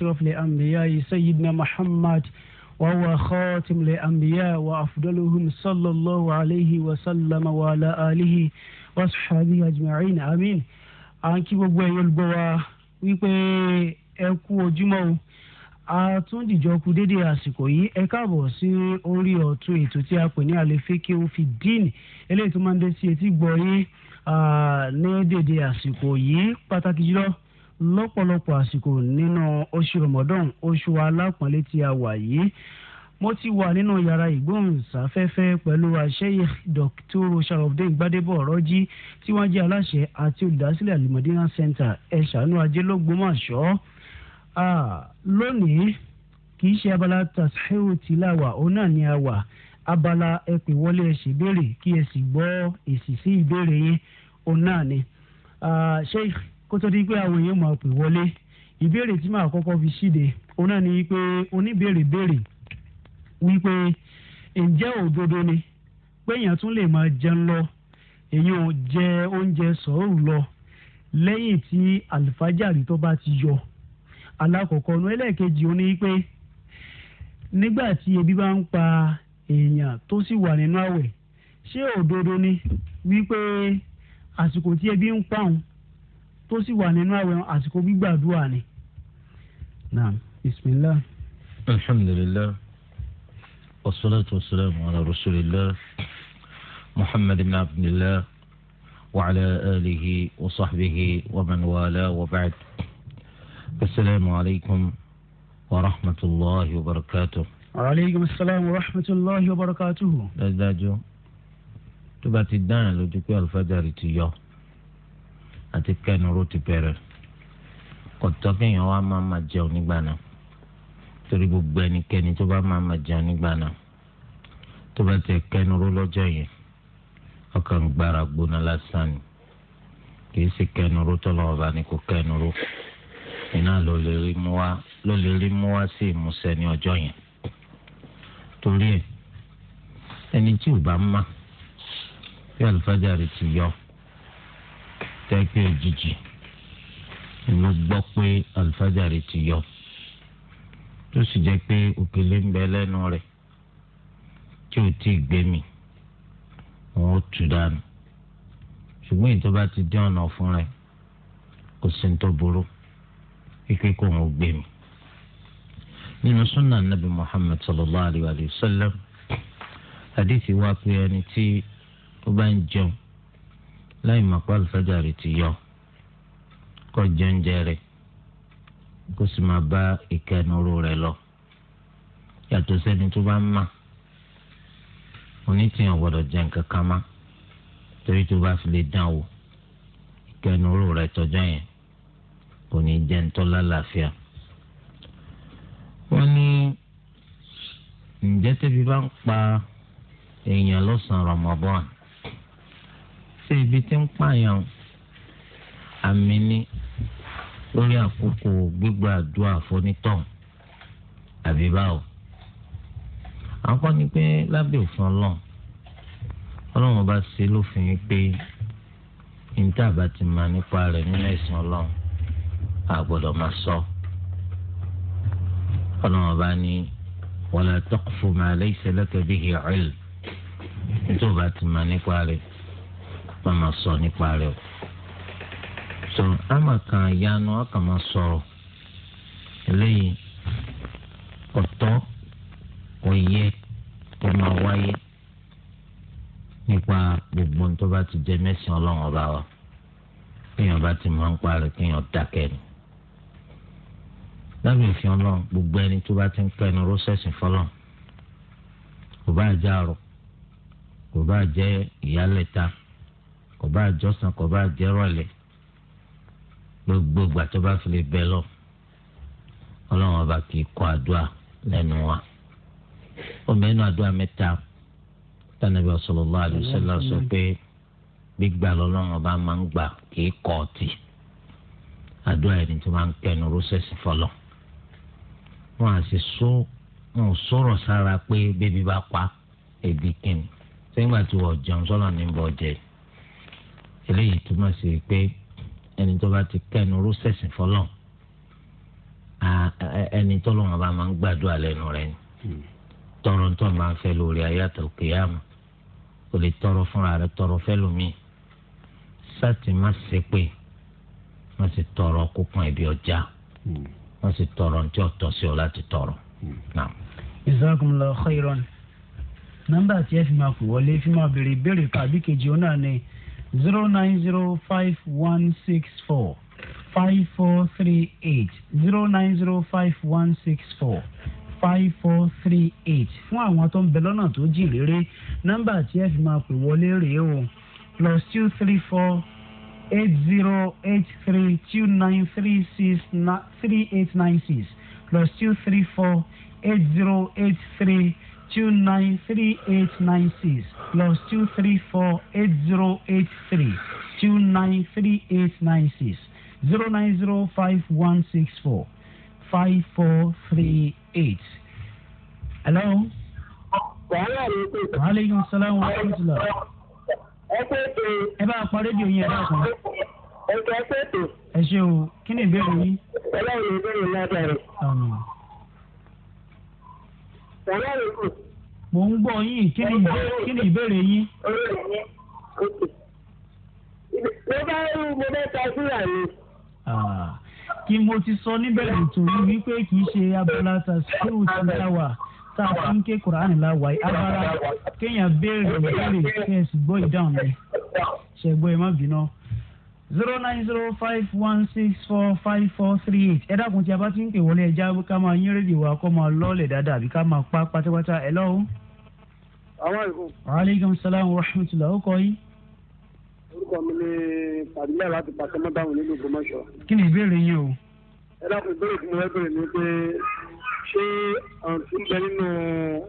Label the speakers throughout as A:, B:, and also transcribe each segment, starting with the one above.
A: أشرف الأنبياء سيدنا محمد وهو خاتم الأنبياء وأفضلهم صلى الله عليه وسلم وعلى آله وصحبه أجمعين آمين àǹ kí gbogbo ẹ̀yin olùgbọ́ wa wípé ẹ kú ojúmọ́ o àtúndìjọ kú dédé àsìkò yìí ẹ káàbọ̀ sí orí ọ̀tún ètò tí a pè ní àlefeke òfin dín eléyìí tó máa ń dé sí etí gbọ́ yín ní dédé àsìkò yìí pàtàkì jùlọ lọ́pọ̀lọpọ̀ àsìkò nínú oṣù Ramadan oṣù alápọ̀nlé tí a wà yìí mo ti wà nínú yàrá ìgbóhùnsáfẹ́fẹ́ pẹ̀lú àṣeyẹ Dr. Sharafdin Gbadebo Ọ̀rọ́jí tí wọ́n jẹ́ aláṣẹ àti olùdásílẹ̀ Al-Madina Center ẹ̀ṣánú ajé lọ́gbọ́mọ̀ṣọ́ lónìí kì í ṣe abala tasiru tilawa òun náà ni a wà abala ẹ pè wọlé ẹ ṣèbéèrè kí ẹ sì gbọ́ èsì sí ìbéèrè yín òun náà ni Sheikh kó tó di pé àwọn èèyàn máa pè wọlé ìbéèrè tí màá kọ́kọ́ fi ṣíde òun náà ni pé oníbèrè béèrè wípé ǹjẹ́ òdodo ni pé èèyàn tún lè máa jẹun lọ èèyàn jẹ oúnjẹ sọ̀rọ̀ lọ lẹ́yìn tí àlùfájàrí tó bá ti yọ alákọ̀ọ́kọ́ nu ẹlẹ́ẹ̀kejì ó ní pé nígbà tí ebi bá ń pa èèyàn tó sì wà nínú àwẹ̀ ṣé òdodo ni wípé àsìkò tí ebi ń pa òun tó sì wà nínú àwẹ̀ àsìkò gbígbàdúrà ni. naam bisimilah.
B: alhamdulillah wasalaatu wasalaamu ala rasulillah muhammad ibn abdillah wa ala alihi wa sahbihi wa man wala wa ba'd. asalaamu alaykum wa rahmatulahi wa barakatuh.
A: aleykum salaam wa rahmatulahi wa barakatuh. dájúdájú
B: tó bá ti dáhùn ti yọ. àti kẹnuru ti bẹ̀rẹ̀ kọtọ kéèyàn wá máa ma jẹun nígbà náà torí gbogbo ẹnikẹ́ni tó bá máa ma jẹun nígbà náà tó bá tẹ kẹnuru lọ́jọ́ yẹn ọkàn gbára gbóná lásán ni kì í ṣe kẹnuru tọlọmọ bá ní kó kẹnuru iná ló lè rí mú wá ló lè rí mú wá sí ìmúṣẹ ní ọjọ́ yẹn torí ẹ ẹni tí ò bá má bí àlùfáàjà rẹ ti yọ tẹ́kẹ́ òjijì ló gbọ́ pé alifájàre ti yọ tó sì jẹ́ pé òkèlè ń bẹ lẹ́nu rẹ̀ tí ò tí ì gbé mi wọn ó tù dànù ṣùgbọ́n ìjọba ti dín ọ̀nà fún rẹ̀ kò sí ní tó burú kíkẹ́ kó wọn ó gbé nínú súnà nàbì Muhammad sallallahu alayhi wa sallam hadithi wá pé ẹni tí ó bá ń jẹun láì mọ̀ pé àlùfáàjà rẹ̀ ti yọ kó jẹ oúnjẹ rẹ̀ kó sì máa bá ìkẹnuru rẹ̀ lọ yàtọ̀ sẹ́ni tó bá ń mà onítìyàn gbọ́dọ̀ jẹ nǹkan kan má torí tó bá fi lè dán wò ìkẹnuru rẹ̀ tọjọ́ yẹn kò ní jẹ́ ńtọ́lá làáfíà wọ́n ní ǹjẹ́ tẹ́bi bá ń pa èèyàn lọ́sàn-án Ramadan ṣe ibi tí ń pààyàn àmì ní lórí àkókò gbígba àdúrà fónítàn àbí báwo. àkọ́ ni pé lábẹ́ òfin ọlọ́run ọlọ́run bá ṣe lófin pé níta bá ti máa nípa rẹ̀ nínú ẹ̀sìn ọlọ́run a gbọ́dọ̀ máa sọ. ọlọ́run bá ní wala taqfu ma laysa laka bihi ilm nítorí bá ti máa nípa rẹ̀ wọn máa sọ nípa rẹ o sọ àmà kan yanu a kàn máa sọ̀rọ̀ eléyìí ọ̀tọ̀ òye tó máa wáyé nípa gbogbo tó bá ti jẹ mẹsàn-án ọlọ́run ọba wa kéèyàn bá ti máa ń parí kéèyàn dákẹ́ ni lábẹ́ ìfihàn náà gbogbo ẹni tó bá ti ń pẹnu rọ́ṣẹ̀sì fọlọ́n kò bá jẹ́ àrò kò bá jẹ́ ìyálẹ̀ta kò bá àjọsàn kò bá àjẹrọ̀lẹ̀ gbogbo ìgbà tó bá fi lè bẹ lọ ọlọ́run ọba kì í kọ́ àdúrà lẹ́nu wa ó mẹ́nu àdúrà mẹ́ta tànàbí sallallahu alaihi wasallam sọ pé gbígbà lọ́lọ́run ọba máa ń gbà kì í kọ́ ọtí àdúrà ẹni tó máa ń kẹnu rọ́ṣẹ̀sì fọlọ́ wọn à sì sọ wọn ò sọ̀rọ̀ sára pé bébí bá pa ebi kìnnì sẹ́yìn gbà tí wọ́n jẹun sọ́nà ní bọ́ọ̀jẹ̀ yìí eléyìí túmọ̀ sí pé ẹni tó bá ti kẹ́nu ró sẹ̀sìn fọlọ́ ẹni tó lọ́wọ́ bá máa ń gbàdúrà lẹ́nu rẹ̀ ni hmm. tọrọ tó máa ń fẹ́ lórí ayáta òkè yàmù kò lè tọrọ fúnra rẹ̀ tọrọ fẹ́ lómi sátì má ṣe pé má sì tọrọ kópọn ibi ọjà hmm. má sì tọrọ tí ọ̀tọ̀ sí ọ láti tọrọ. Hmm.
A: jazakumullahu khairan nọ́mbà tí ẹ fi máa kù wọlé fi máa béèrè ìbéèrè kàbí kejì ni zero nine zero five one six four five four three eight zero nine zero five one six four five four three eight fún àwọn tó ń bẹ lọ́nà tó jìn réré nọ́mbà tí ẹ fi máa pè wọlé rèé o plus two three four eight zero eight three two nine three six three eight nine six plus two three four eight zero eight three two nine three eight nine six plus two three four eight zero eight three two nine three eight nine six zero nine zero five one six four five four three eight. hello. waaleykum salaam wa rahmatulah. ẹ tètè. ẹ bá a pa rédíò yín ẹ bá a kan. ẹ tẹ ẹ tètè. ẹ ṣe o kí ni ìbéèrè yín. ọlọ́run ìbéèrè náà bẹ̀rẹ̀. sàlámù mò ń gbọ́ yín kí ni kí ni ìbéèrè yín.
C: mo bá rí mo bẹ́ ta síra mi.
A: kí mo ti sọ níbẹ̀rẹ̀ torí wípé kì í ṣe abala tasiru ti dá wa tá a fi ń ké kuraani la wáyé abala kéèyàn béèrè ìbéèrè kí ẹ sì gbọ́ ìdáhùn rẹ̀ ṣẹ̀gbọ́n ẹ má bínú zero nine zero five one six four five four three eight ẹ dákun tí a bá ti ń pè wọlé ẹja ká máa yín rédíò wa kó máa lọ́ọ̀lẹ̀ dáadáa àbí ká máa pa pátápátá ẹ lọ́wọ́. alaikum. aleykum salaam wa rahmatulah ó kọ yín.
C: orúkọ mi ni pàdílà láti pàṣẹ mọ́tàwọn nínú Ògbómọ̀ṣọ́.
A: kí ni ìbéèrè yín o.
C: ẹ dákun ìbéèrè tí mo fẹ́ béèrè ni pé ṣé àǹtí ń bẹ nínú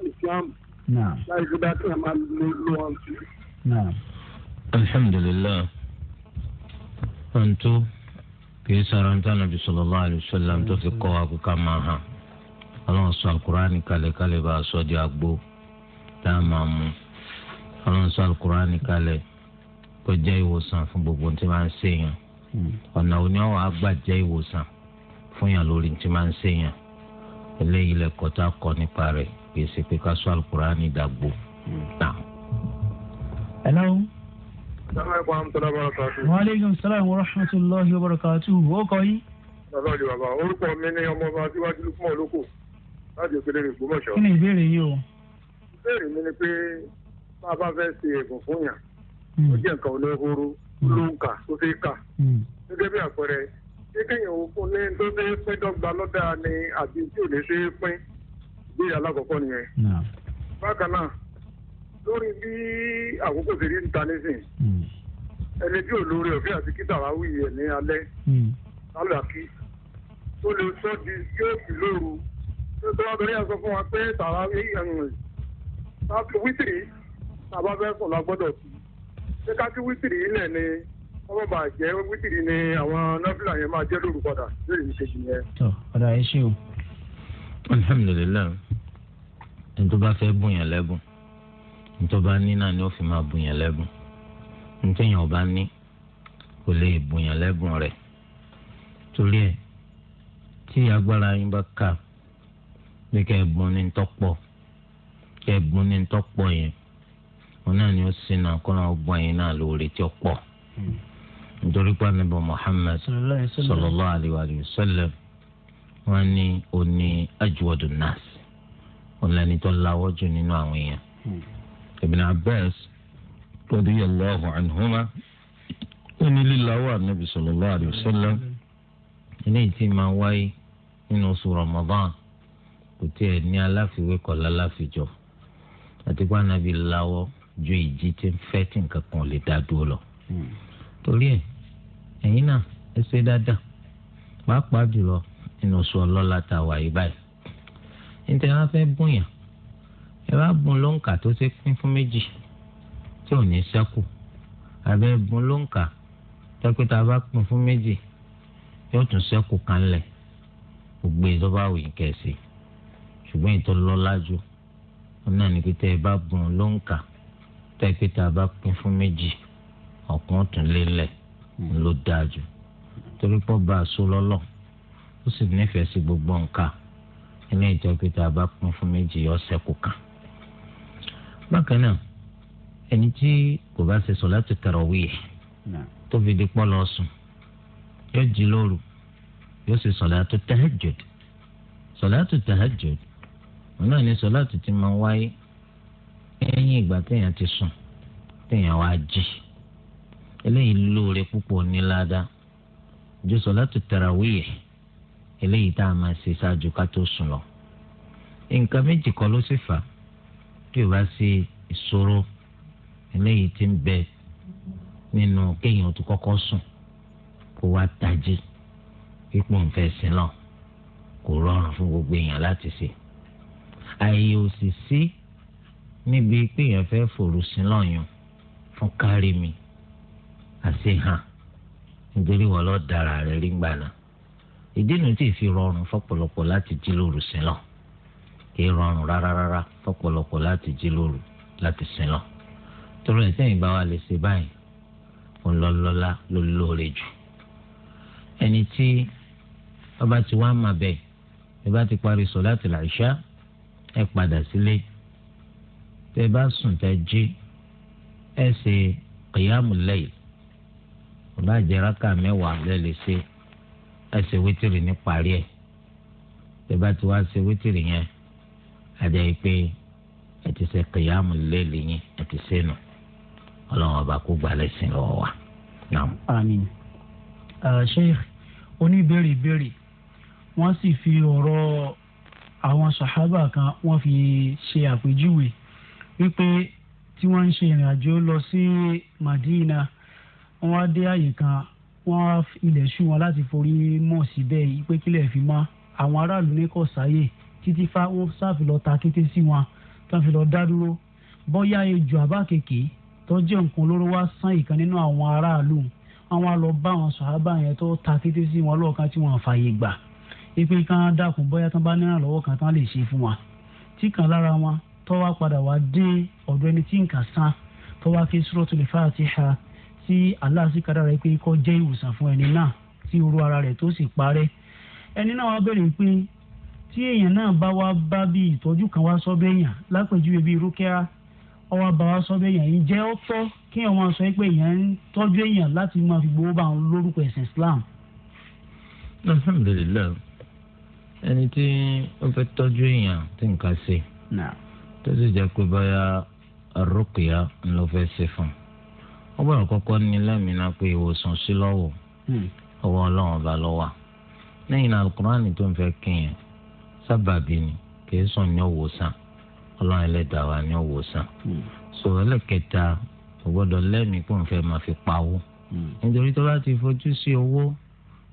C: Islam láì fi dá sí àmà àǹtí.
B: alhamdulilayi. ọ̀ǹtó kìí sọ̀rọ̀ níta nàbí sallallahu alaihi wasallam tó fi kọ́ wa kó ká máa hàn ọlọ́run sọ àkùránì kalẹ̀ kalẹ̀ bá a sọ di àgbo tá a máa mú ọlọ́run sọ àkùránì kalẹ̀ kó jẹ́ ìwòsàn fún gbogbo máa ń ọ̀nà ìwòsàn fún yàn lórí
A: waaleykum salaam wa rahmatulahi wa barakatuhu o kọ yín.
C: bàbá mi bàbá orúkọ mi ni ọmọ ọba síwájú lukuma olóko láti òkèlè rẹ̀ gbọmọṣọ. kí ni ìbéèrè yìí o. ìbéèrè mi ni pé bá a bá fẹ́ ṣe ẹ̀bùn fún yàn hmm. ó jẹ́ nǹkan olóhóró hmm. ló ń kà ó fi kà hmm. gẹ́gẹ́ bí àpẹẹrẹ ṣé kéèyàn òkun ní tó ṣe é pín dọ́gba lọ́dà ni àbí tí ò ní ṣe é pín ìbéèrè alákọ̀ọ́kọ́ nìyẹn. bákan náà lórí bí àkókò ṣe rí níta nísìn hmm. ẹni tí olórí ọ̀fẹ́ àti kíta wá wí ẹ̀ ní alẹ́ hmm. lálàkí tó lè sọ di yóò sì lóru tó tó wá bẹ̀rẹ̀ sọ fún wa pé tàrà wítìrì tàbá fẹ́ sùn la gbọ́dọ̀ sí ṣé ká kí wítìrì yìí lẹ̀ ni ọmọ bàá jẹ́ wítìrì ni àwọn nọ́fìlà yẹn máa jẹ́ lóru padà lórí ìṣèjì yẹn.
B: ọ̀dà ẹ ṣé o alhamdulilayi ẹni tó bá fẹ́ bùn yẹn lẹ́bùn ntọ́ba ní náà ni ó fi máa bùyàn lẹ́bùn ntẹ̀yìn ọba ní kò lè bùyàn lẹ́bùn rẹ̀ torí ẹ̀ tí agbára yín bá kà bí kẹ́ ẹ ní ntọ́pọ̀ kẹ́ ní ntọ́pọ̀ yẹn wọn ni ó sin náà náà gbọ́n yín náà lóore tí ó pọ̀ nítorí pé Muhammad sallallahu alaihi wa sallam wọn ní òní ajwadun nas òun ibn abbas radiyallahu anhuma ó ní líláwọ́ ànábì sallallahu alayhi wa sallam eléyìí tí máa wáyé nínú oṣù ramadan kò tiẹ̀ ní aláfiwé kọ̀ọ̀lá láfijọ́ àti pé ànábì láwọ́ ju ìjì tí ń fẹ́ tí nǹkan kan lè dá dúró lọ. torí ẹ ẹ̀yin náà ẹ ṣe dáadáa pàápàá jùlọ nínú oṣù ọlọ́lá tá a wà yìí báyìí. níta wọn fẹ́ bóyá ẹ bá bùn lóǹkà tó ṣe pín fún méjì tí ò ní ṣẹ́kù àbẹ bùn lóǹkà tẹ́pẹ́ tá a bá pín fún méjì yóò tún ṣẹ́kù kan lẹ̀ gbogbo èyí tó bá wù yín kẹ̀sì ṣùgbọ́n èyí tó lọ́lá jù wọn náà ní pé tẹ́ ẹ bá bùn lóǹkà tẹ́pẹ́ tá a bá pín fún méjì ọ̀kan tún lélẹ̀ ló dáa jù torí pọ̀ bá a so lọ́lọ́ ó sì nífẹ̀ẹ́ sí gbogbo nǹkan ilé ìjọ tá a bá pín fún méjì ọ̀sẹ̀ kù kan. bákan náà ẹni tí kò bá ṣe sọ̀látù tarawih tó fi di pọ́ lọ sùn yóò jí lóru yóò ṣe òun náà ni ti máa wáyé lẹ́yìn ìgbà téèyàn ti sùn téèyàn wá jí eléyìí lóore púpọ̀ níláda ju sọ̀látù tarawih eléyìí tá a máa ṣe ṣáájú ká tó sùn lọ nǹkan méjì kí o bá ṣe ìṣòro eléyìí ti ń bẹ nínú kéèyàn tó kọ́kọ́ sùn kó wá tají ipò nfẹ́ sílọ̀ kò rọrùn fún gbogbo èèyàn láti ṣe àyè ò sì sí níbi kéèyàn fẹ́ fòrò sílọ̀ yàn fún kárí mi àṣehàn nítorí wọn lọ dára rẹ rí gbàna ìdí nu tí ì fi rọrùn fọ́pọ̀lọpọ̀ láti jí lóru sílọ̀ kì í rọrùn rárá rárá fọ́pọ̀lọpọ̀ láti jí lóru láti sin lọ torí ẹsẹ ìgbà wa lè ṣe báyìí òun lọ lọlá ló lóore jù ẹni tí ọba ti wá mà bẹ́ẹ̀ ẹ bá ti parí sọ̀láàtì láìṣá ẹ padà sílé tẹ bá sùn tẹ jí ẹ ṣe kìyàmù lẹ́yìn ọba àjẹráka mẹ́wàá lẹ lè ṣe ẹ ṣe wítìrì ní parí ẹ tẹ bá ti wá ṣe wítìrì yẹn ajẹ́ pé ẹ ti ṣe kìyàmù lélì yín ẹ ti ṣe nù ọlọ́run ọba kó gbalẹ̀ sí lọ́wọ́ wa. àmín
A: sheikh oníbèrè bèrè wọ́n sì fi ọ̀rọ̀ àwọn sàhábà kan wọ́n fi ṣe àpèjúwe wípé tí wọ́n ń ṣe ìrìn lọ sí Madina wọ́n wá dé àyè kan wọ́n á ilẹ̀ ṣú wọn láti forí mọ̀ síbẹ̀ yìí pé kílẹ̀ fi mọ́ àwọn aráàlú ní kò sáyè títí fa wọn sáfi lọ ta kété sí wọn tó fi lọ dá dúró bóyá ejò àbá kéèké tó jẹ́ nǹkan olóró wá sán ìkan nínú àwọn aráàlú àwọn á lọ bá àwọn sàhábà yẹn tó ta kété sí wọn lọ́ọ̀kan tí wọ́n fààyè gbà ipe kan dákun bóyá tán bá níràn lọ́wọ́ kan tán lè ṣe fún wa tí kan lára wọn tó wá padà wá dé ọ̀dọ̀ ẹni tí nǹkan sán tó wá ké Suratul Fatiha tí aláàsì kadà rẹ pé kó jẹ́ ìwòsàn fún ẹni náà tí orú ara rẹ̀ tó sì parẹ́ ẹni náà wá bẹ̀rẹ̀ pé tí èèyàn náà bá wá bá bí ìtọ́jú kan wá sọ́dọ̀ èèyàn lápèjúwe bíi rúkẹ́á ọwọ́ bá wá sọ́dọ̀ èèyàn yìí jẹ́ ó tọ́ kí èèyàn máa sọ pé èèyàn ń tọ́jú èèyàn láti máa fi gbowó bá àwọn lórúkọ ẹ̀sìn Islam.
B: alhamdulilayi ẹni tí ó fẹ́ tọ́jú èèyàn tí nǹkan ṣe tó sì jẹ́ pé báyà rúkìá ló fẹ́ ṣe fún un ó bọ̀rọ̀ kọ́kọ́ ní lẹ́mìnà pé ìwòsàn sí lọ́wọ́ hmm. ọwọ́ ọlọ́run ọba lọ́wọ́ sábàbí ni kìí sùn ní òwò sàn ọlọ́run ẹlẹ́dàá wa ní òwò sàn. Hmm. sọ ẹlẹ́kẹta kò gbọ́dọ̀ lẹ́mìí kó n fẹ́ máa fi pawó. Hmm. nítorí tó bá ti fojú sí owó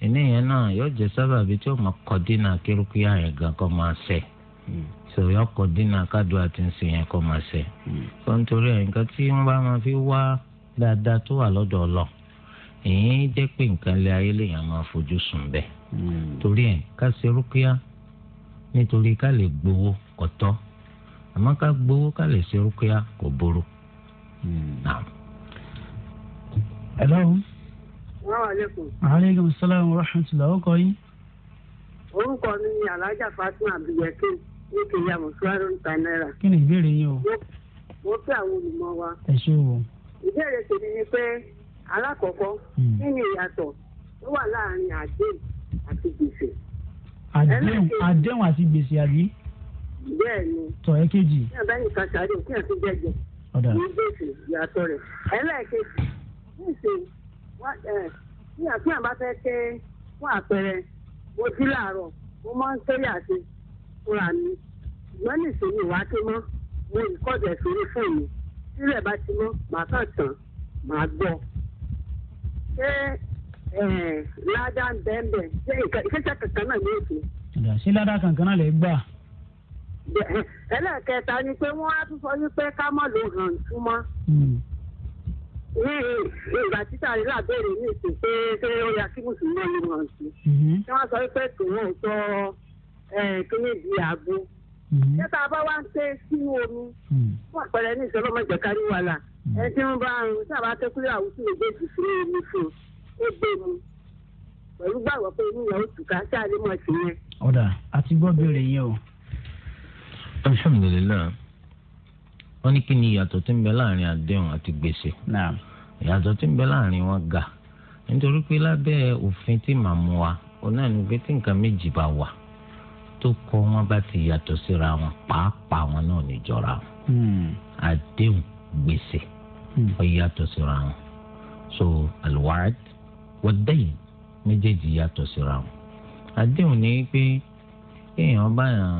B: ènìyàn náà yóò jẹ sábàbí tí ó máa kọ dínà kírúkíá yẹn gan kó máa ṣẹ hmm. sọ̀rọ̀ ọkọ̀ dínà kádùá ti ń sìn yẹn kọ́ máa ṣe. sọ nítorí ẹ̀ nǹkan tí wọ́n bá máa fi wá dáadáa tó wà lọ́dọ̀ ọlọ èyí jẹ́ pé nǹkan lé ayé lèèyàn máa fojú sùn bẹ́ẹ̀. torí ẹ̀ ká ṣe rúkìá nítorí ká lè gbowó ọtọ amaka ká gbowó ká lè ṣe kò burú. hello.
C: salaamaleykum.
B: aleykum salaam wa rahmatulah
A: ọkọ yín.
C: orúkọ mi ni alhaji fatima abdulyakin ní kenya mọṣúárì níta náírà. kí ni ìbéèrè yín o. mo fẹ́ àwọn wa. ẹ o. ìbéèrè tèmi ni pé alákọ̀ọ́kọ́ hmm. kí ni ìyàtọ̀ tó wà láàrin àdéhùn
A: àti gbèsè. àdéhùn àdéhùn àti gbèsè àbí. bẹ́ẹ̀ni tọ ẹ kejì. ní
C: abẹ́yìn kan sáré kí ẹ fi jẹjẹ. ọ̀dà ní gbèsè ìyàtọ̀ rẹ̀ ẹlẹ́ẹ̀kejì gbèsè ní àti àbá fẹ́ ké fún àpẹẹrẹ mo jí làárọ̀ mo máa ń kéré àti fúnra mi ìgbọ́n nìṣòro ìwà tó mọ́ mo ìkọ́jẹ̀ sórí fóònù sílẹ̀ bá ti mọ́ màá kàn tán màá gbọ́. ṣé Eh, ládà bẹ́ẹ̀ bẹ́ẹ̀ iṣẹ́ kankan náà ló ṣe.
A: ṣé ládà kankan náà lè gbà.
C: Eh, ẹlẹ́kẹta ni pé wọ́n á tún sọ wípé ká mọ̀ ló hàn túmọ̀ hmm. ìgbà títà rí lábẹ́rẹ́ ní ìsìn pé ṣé ó yà kí mùsùlùmí ló mọ̀ sí. Hmm. ṣé wọ́n sọ pé tòun ò sọ eh, kíní di àgbo. Hmm. ṣé tá a bá wá ń ṣe sínú omi fún àpẹẹrẹ ní ìṣọlọ́mọ ìjẹ̀kárí wàhálà ẹni tí wọ́n bá ń sábà kẹ́kọ̀ọ́ àwùjọ ìgbésí fún omi fún un ó gbé mi pẹ̀lú gbàgbọ́ pé inú yẹn ó tù ká sáà lè mọ̀ sí yẹn.
B: ọ̀dà
A: àti gbọ́ béèrè yẹn o.
B: alhamdulilayi wọ́n ní kí ni ìyàtọ̀ tí ń bẹ láàrin àdéhùn àti gbèsè. ìyàtọ̀ tí ń bẹ láàrin wọn ga nítorí pé lábẹ́ òfin tí màá mú wa òun náà ní pé tí nǹkan méjì bá wà tó kọ wọn bá ti yàtọ̀ síra wọn pàápàá wọn náà ní wọn. Hmm. àdéhùn gbèsè hmm. ó yàtọ̀ síra wọn so alwaad wọ́dẹ́yìn méjèèjì yàtọ̀ síra wọn. àdéhùn ni pé kéèyàn báyàn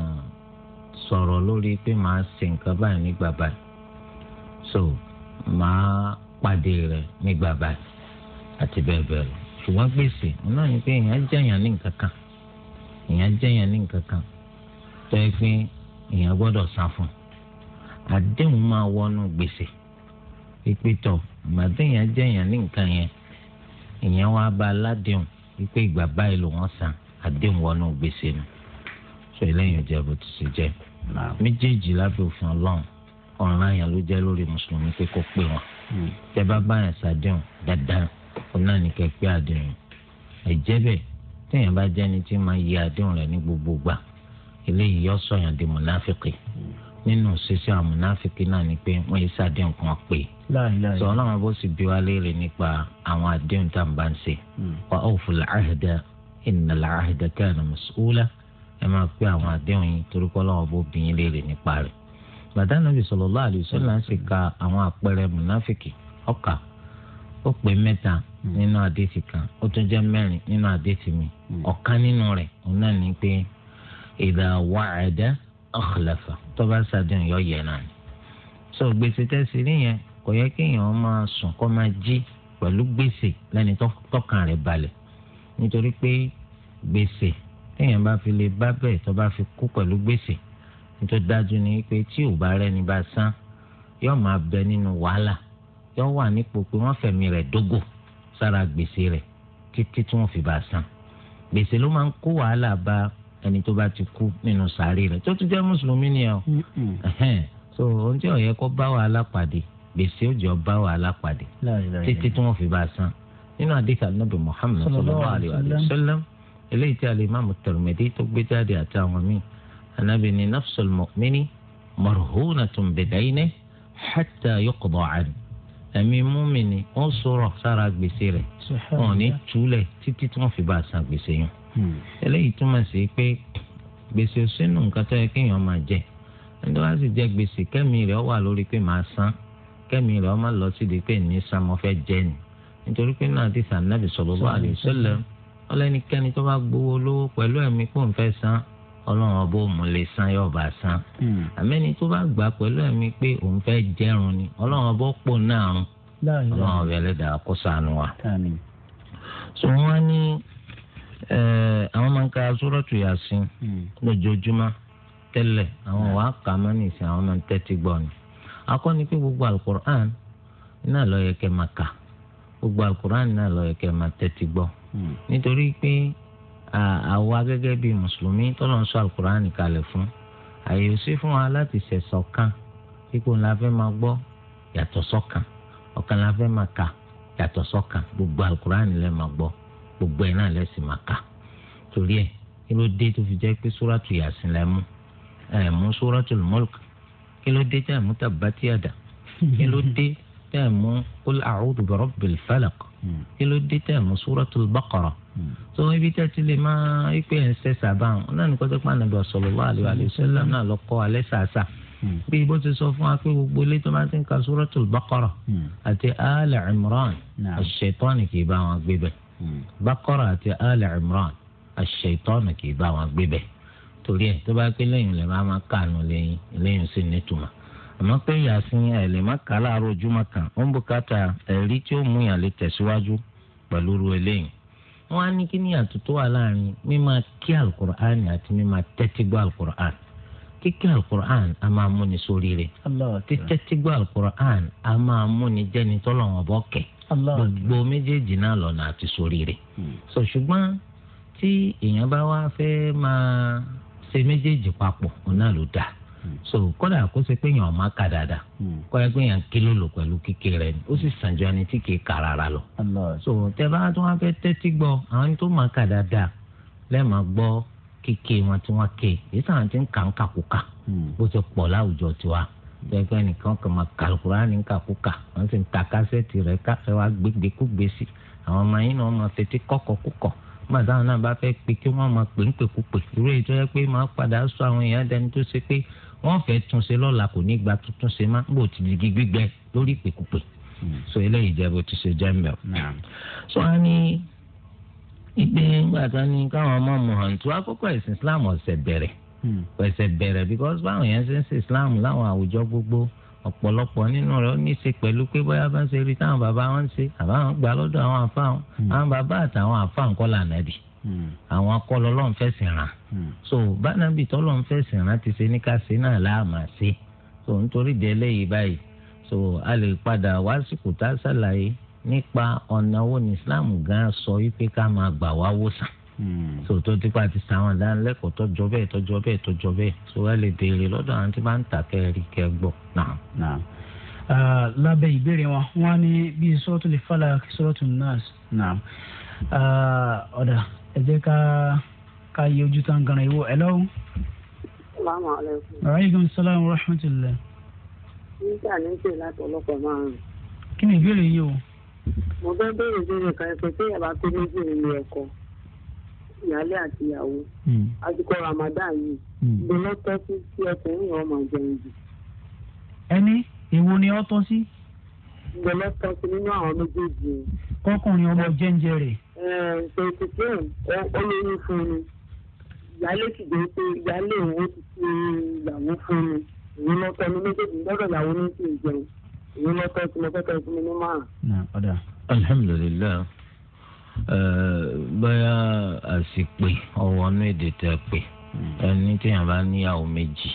B: sọ̀rọ̀ lórí pé màá se nǹkan báyìí nígbà báyìí so màá pàdé rẹ̀ nígbà báyìí àti bẹ́ẹ̀ bẹ́ẹ̀ lọ. ṣùgbọ́n gbèsè náà ni pé èèyàn jẹ̀yàn ní nǹkan kan èèyàn jẹ̀yàn ní nǹkan kan tó yẹ èèyàn gbọ́dọ̀ san fún un àdéhùn máa wọnú gbèsè tọ̀ ìyẹn wá bá aládéhùn wípé ìgbà báyìí ló wọ́n san àdéhùn wọnú gbèsè nù sọ eléyìí jẹ bó ti ṣe jẹ méjèèjì lábẹ́ òfin Ọlọ́run ọ̀ràn yẹn ló jẹ́ lórí mùsùlùmí pé kó pè wọ́n hmm. tẹ bá báyà sàdéhùn dáadáa òun náà ní kẹ́ pé àdéhùn ẹ̀jẹ̀ bẹ́ẹ̀ téèyàn bá jẹ́ni tí máa yẹ àdéhùn rẹ̀ ní gbogbo gbà eléyìí yọ sọ̀yàn di mùnáfíkì hmm. nínú ṣíṣe àwọn náà ni pé wọ́n yìí ṣàdéhùn kan pé sọ ọlọ́run bó sì bí wa léèrè nípa àwọn àdéhùn tá à bá ń ṣe hmm. ẹ máa pé àwọn àdéhùn yìí torí pé ọlọ́run bó bí yín léèrè nípa rẹ̀ bàtà nàbì ka àwọn àpẹẹrẹ ọkà ó hmm. nínú àdéhùn kan ó tún nínú àdéhùn mi hmm. ọ̀kan nínú rẹ̀ akhlafa tọ́ba sàdéhùn yọ yẹ náà ni. sọ gbèsè tẹ́sí nìyẹn kò yẹ kéèyàn máa sùn kó máa jí pẹ̀lú gbèsè lẹ́ni tọ́kàn rẹ̀ balẹ̀ nítorí pé gbèsè téèyàn bá fi lè bá bẹ́ẹ̀ tó bá fi kú pẹ̀lú gbèsè nítorí dájú ni pé tí ò bá rẹ́ni bá san yóò máa bẹ nínú wàhálà yóò wà nípò pé wọ́n fẹ̀mí rẹ̀ dógò sára gbèsè rẹ̀ títí tí wọ́n fi bá san gbèsè ló máa ń kó wàhálà bá ẹni tó bá ti kú nínú sàárè rẹ̀ tó tún jẹ́ mùsùlùmí ni ọ mm, mm. so ohun tí ó yẹ kó bá wàhálà pàdé gbèsè ó jọ bá wàhálà pàdé títí tí wọ́n fi bá a san nínú àdìsá nàbì Muhammad sallallahu alayhi wa sallam eléyìí tí alimami Tirmidhi tó gbé jáde àti àwọn míì anabi ni nafsul mu'mini marhunatun bidaynihi hatta yuqda anhu ẹ̀mí múmi ni wọ́n sọ̀rọ̀ sára gbèsè rẹ̀ wọ́n ní túlẹ̀ títí tí wọ́n fi bá a san gbèsè yẹn. Hmm. eléyìí túmọ̀ sí pé gbèsè sínú nǹkan tó yẹ kéèyàn máa jẹ ẹni tó bá sì jẹ gbèsè kẹ́mi rẹ̀ wà lórí pé màá san kẹ́mi rẹ̀ má lọ sí di pé ní san mo fẹ́ jẹ ni nítorí pé náà ti sàn nábì sallallahu alaihi wasallam ọlẹ́nikẹ́ni tó bá gbowó lówó pẹ̀lú ẹ̀mí kó ń fẹ́ san ọlọ́run ọba òun lè san yóò bá san hmm. àmẹ́ni tó bá gbà pẹ̀lú ẹ̀mí pé òun fẹ́ jẹun ni ọlọ́run ọba pò náà run ọlọ́run ọba kó ṣàánú wa. sọ wọn ní. àwọn máa ń ka sórọ́tù yàsín hmm. lójoojúmọ́ tẹlẹ àwọn hmm. wàá kà má nìsín àwọn máa ń tẹ́tí gbọ́ ni. akọ́ni pé gbogbo alukur'an náà ló yẹ kẹ́ máa kà gbogbo alukur'an náà ló yẹ kẹ́ máa tẹ́tí gbọ́. Hmm. nítorí pé àwa gẹ́gẹ́ bíi mùsùlùmí tọ́lọ̀ ń sọ alukur'an kalẹ̀ fún àyè sí fún wa láti ṣẹ̀sọ̀ kan kíkó la fẹ́ máa gbọ́ yàtọ̀ sọ́kan ọ̀kan la fẹ́ máa kà yàtọ̀ sọ́kan gbogbo alukur'an lẹ́ máa gbọ́. gbogbo ẹ̀ náà lẹ́sìn máa kà torí ẹ̀ kí ló dé tó fi jẹ́ pé sóràtù yàsìn lẹ́ mú ẹ̀ mú sóràtù mọ́lùk kí ló dé tẹ́ ẹ̀ mú tàbátì àdá kí ló dé tẹ́ ẹ̀ mú kul a'udhu bi rabbil falaq hmm. kí ló dé tẹ́ ẹ̀ mú sóràtù baqara tó hmm. ibi tẹ́ ti lè máa ipe ẹ̀ ń sẹ́ sàbáhùn náà ní kọ́tẹ́ pàánù bí sallallahu alaihi wasallam náà lọ kọ́ sàásà hmm. bí bó ti sọ fún wa pé gbogbo ilé tó máa ti ń ka suratul baqara àti ali imran aṣetọ́ni kì í bá wọn gbé bẹ́ẹ̀. Baqara àti Ali Imran aṣ-ṣaitọ́nù kì í bá wọn gbé bẹ́ẹ̀ torí ẹ̀ tó bá pé lẹ́yìn lè máa máa kànú lẹ́yìn lẹ́yìn sí nítumọ̀ àmọ́ pé yàsín ẹ̀ lè má kà á láàárọ̀ ojúmọ́ kan ó ń bùkátà ẹ̀rí tí ó mú yàn lè tẹ̀síwájú pẹ̀lú ru eléyìí wọn á ní kí ni àtútù wà láàrin mímá kí alukur'an àti mímá tẹ́tí gbọ́ alukur'an kíkí alukur'an a máa múni sóríire títẹ́tí gbọ́ alukur'an a máa múni jẹ́ni tọ́lọ́wọ́n bọ́ kẹ̀ẹ́ gbogbo méjèèjì náà lọ́nà àti sórí rẹ̀ hmm. so ṣùgbọ́n tí èèyàn bá wá fẹ́ máa ṣe méjèèjì papọ̀ òun náà ló dáa hmm. so kódà kó ṣe pé èèyàn ọ̀ máa kà dáadáa hmm. kó yẹ pé èèyàn kí ló lò pẹ̀lú kíkẹ́ rẹ̀ ni ó sì sàn ju ẹni tí kì í kà rárá lọ. so tẹ bá tó wá fẹ́ tẹ́tí gbọ́ àwọn ẹni tó máa kà dáadáa lẹ́ẹ̀ gbọ́ kíkẹ́ wọn tí wọ́n kẹ́ èyí sàn ń kà ń kàkúkà bó ti pọ̀ láwùjọ tiwa gbẹgbẹ nìkan kan máa ka alukurani kàkúkà wọn sì ń ta kásẹ̀tì rẹ̀ káfẹ́ wa gbégbé kú gbèsè àwọn ọmọ yìí náà máa fetí kọ́kọ́ kúkọ̀ nígbà táwọn náà bá fẹ́ pé kí wọ́n máa pè ń pè kú pè irú ètò yẹ pé máa padà sọ àwọn èèyàn dẹni tó ṣe pé wọ́n fẹ́ tún ṣe lọ́la kò ní gba tuntun ṣe má bò ti di gbígbẹ lórí ìpè kú pè hmm. so eléyìí jẹ́ bó ti ṣe jẹ́ mbẹ́ so a ní ìgbé ńgbà tán ni káwọn ọmọ mọ̀hàn tó Islam ọ̀sẹ̀ bẹ̀rẹ̀ Hmm. pẹ̀sẹ̀ bẹ̀rẹ̀ because báwọn yẹn ṣe ń ṣe islam láwọn àwùjọ gbogbo ọ̀pọ̀lọpọ̀ nínú rẹ̀ ó ní í ṣe pẹ̀lú pé bóyá bá ń ṣe rí táwọn bàbá wọn ń ṣe àbáwọn gbà lọ́dọ̀ àwọn àfa wọn hmm. àwọn bàbá àtàwọn àfa ńkọ́ lànàbì hmm. àwọn akọ́lọ́ lọ́n fẹ̀sìn rán so bánàbì tọ́lọ́ ń fẹ̀sìn rán ti ṣe ní ká ṣe náà láàmà ṣe so nítorí di eléyìí báyìí so a lè padà wá síkù tá nípa ọ̀nà wo ní islam gan sọ wípé ká máa gbà wá wòsàn Hmm. sòtò tipa ti sàwọn ìdánilẹ́kọ̀ọ́ tọ́jọ́ bẹ́ẹ̀ tọ́jọ́ bẹ́ẹ̀ tọ́jọ́ bẹ́ẹ̀ sọ wá lè béèrè lọ́dọ̀ àwọn tí bá ń tà kẹ́rì kẹ́gbọ̀ náà.
A: Ah, lábẹ́ ìbéèrè wọn wọ́n á ní bíi sọ́ọ́tù lè fàlà sọ́ọ́tù nọ́ọ̀sì náà ah, ọ̀dà ẹ jẹ́ ká ká yẹ ojú tán gan-an ìwọ ẹ̀ lọ́wọ́. salaamaleykum. aleykum salaam wa rahmatulah. yìí o.
C: mo fẹ́ ìyáálé àti ìyàwó hmm. àsìkò Ramadan yìí gbọ́dọ̀ hmm. tọ́ sí kí ọkùnrin ọmọ
A: jẹun jù. ẹni èwo ni ọ tọ́ sí.
C: gbọ́dọ̀ tọ́ sí nínú
A: àwọn méjèèjì. kọkùnrin ọmọ eh, jẹ́ǹjẹ rẹ̀.
C: Eh, ṣèkì pé olóyún fún mi ìyáálé sì gbé pé ìyáálé òun ti fi ìyàwó fún mi èyí lọ́tọ́ ní méjèèjì gbọ́dọ̀ ìyàwó ní ti ìjẹun èyí lọ́tọ́ sí mo fẹ́ tọ́ sí mi ní
B: márùn alhamdulilayi bóyá àsìpè ọwọ́ inú èdè tẹ pé ẹni téèyàn bá níyàwó méjì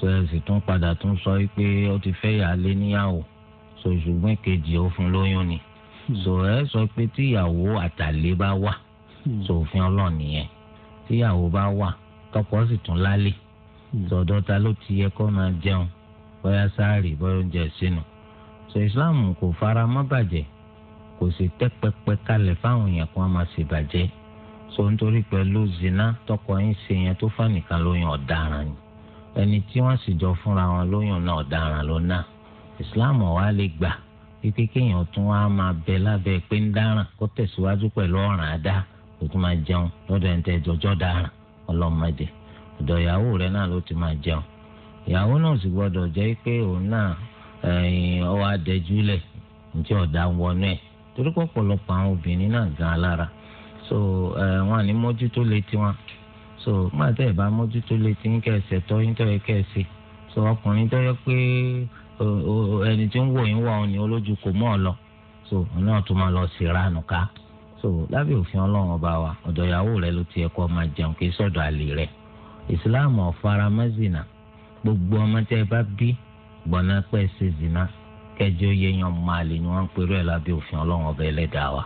B: so ẹ sì tún padà tún sọ pé ó ti fẹ́ yà á lé níyàwó so ṣùgbọ́n kejì ó fún lóyún ni so ẹ sọ pé tíyàwó àtàlé bá wà so òfin ọlọ́ọ̀ nìyẹn tíyàwó bá wà tọkọ sì tún lálé sọ̀dọ̀ ló ti yẹ kó máa jẹun bóyá sáárì bóyá oúnjẹ sínú so Islam kò fara mọ́ bàjẹ́ kò sì tẹ́ pẹpẹ kalẹ̀ fáwọn èèyàn kan máa ṣèbàjẹ́ so nítorí pẹ̀lú zina tọkọ yín ṣe yẹn tó fànìkan lóyún ọ̀daràn ni ẹni tí wọ́n sì jọ fúnra wọn lóyún náà ọ̀daràn ló náà ìsìláàmù wa lè gbà pípé kéèyàn tún wá máa bẹ lábẹ́ pé ń dáràn kó tẹ̀síwájú pẹ̀lú ọ̀ràn àdá máa jẹun lọ́dọ̀ ẹni tẹ́ jọjọ́ dáràn ọlọ́mọdé ọ̀dọ̀ ìyàwó náà ló ti máa jẹun ìyàwó náà torí pé ọ̀pọ̀lọpọ̀ àwọn obìnrin náà gan alára so wọn ní mójútó létí wọn so máa tẹ̀ bá mójútó létí yín kẹsẹ̀ tọ́ yín tọ́ yẹ kẹsẹ̀ so ọkùnrin tọ́ yẹ pé ẹni tí ń wò yín wà ni olójú kò mọ́ ọ lọ so náà tó máa lọ sí ìranù ká so lábẹ́ òfin ọlọ́run ọba wa ọ̀dọ̀ ìyàwó rẹ ló ti ẹ̀kọ́ máa jẹun kí sọ̀dọ̀ àlè rẹ ìsìláàmù ọ̀faramẹ́sìnà gbogbo ọmọ tẹ́ ẹ bá bí gbọ̀nà pẹ́ ṣe zina kẹjọ yẹyàn máàlì ni wọ́n ń perú ẹ̀ òfin ọba ẹlẹ́dàá wa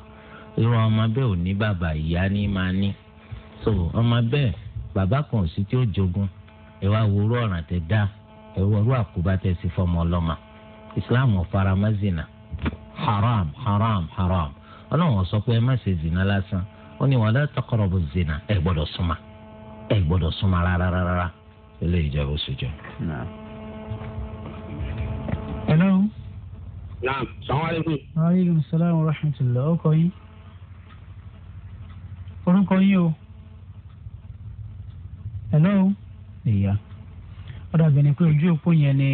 B: irú ọmọ bẹ́ẹ̀ ò ní bàbá ìyá so ọmọ bẹ́ẹ̀ bàbá kan ò sí tí ó jogún ẹ wá wúrú tẹ dá ẹ àkóbá tẹ fọmọ islam zina haram haram haram ọlọ́run pé ẹ má ṣe zina lásán ó ní zina ẹ gbọdọ ẹ gbọdọ rárá rárá eléyìí oṣù naam
A: sàmúlẹ́kùn. aleykum salaam wa rahmatulah ọkọ yín orúkọ yín o hello ìyá ó dàbí ni pé ojú òpó yẹn ni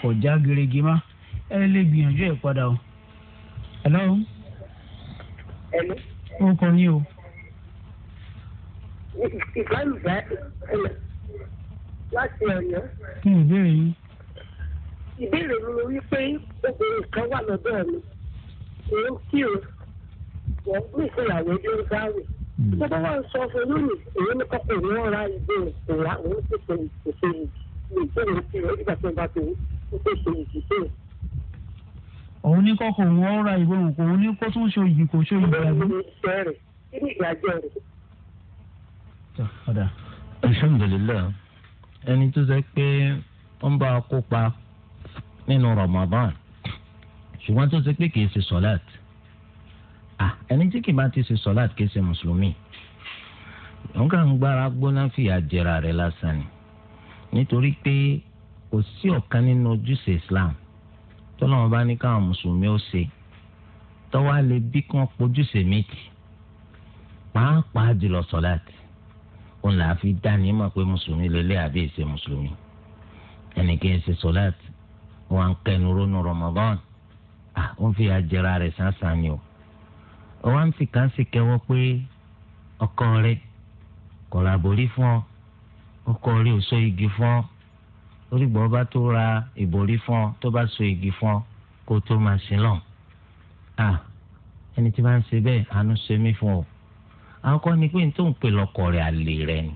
A: kò já gerege má ẹ lè gbìyànjú ẹ padà o hello. hello. orúkọ yín o.
C: ìgbàlùbẹ́ láti ọ̀yọ́.
A: kí ni
D: ìbéèrè yín
C: ìbéèrè mi ni wípé obìnrin kan wà lọ́dọ̀ mi mò ń kí o wọ́n mí ìsìnlẹ̀ ló ń dáwì. Hmm. tó bá wà ń sọ fún lónìí èyí ni kọ́kọ́ ni wọ́n ra ìgbé ìpòlá òun ti pè ìpèsè yìí ní ìpèsè yìí ó dìgbà tó ń bá tó ń pèsè yìí tó òun ní kọ́kọ́ òun ọ ra ìwé òun kò òun ní kó tún ṣe òyìn kò ṣe òyìn ìgbàgbọ́.
B: alhamdulilayi ẹni tó sẹ pé wọn bá a kópa nínú Ramadan ṣùgbọ́n tó ṣe pé kìí ṣe sọ́láàt ẹni tí kìí bá ti ṣe sọ́láàt kìí ṣe mùsùlùmí wọn kàn ń gbára gbóná fìyà jẹra rẹ̀ lásán ni nítorí pé kò sí ọ̀kan nínú ojúṣe Islam tọ́lọ́wọ́n bá ní káwọn mùsùlùmí ó ṣe tọ́wá lè bí kí wọ́n pojúṣe méjì pàápàá jùlọ sọ́láàt òun là á fi dá ní mọ̀ pé mùsùlùmí lélẹ́ àbí ìṣe mùsùlùmí ẹnì kìí ṣe sọ́láàt wọn ń kẹnu ronú Ramadan ó ń fi àjẹrà rẹ̀ sánsan ni o wọn ń sìkànsì kẹwọ́ pé ọkọ rẹ̀ kọ̀ọ̀rọ̀ àbòrí fún ọ ọkọ rẹ̀ ò so igi fún ọ orígbọ́ bá tó ra ìbòrí fún ọ tó bá so igi fún ọ kó tó máa sin lọ. ẹni tí bá ń ṣe bẹ́ẹ̀ àánú ṣe mí fún ọ. àwọn kọ́ ni pé ní tó ń pè lọ́kọ rẹ̀ àlè rẹ̀ ni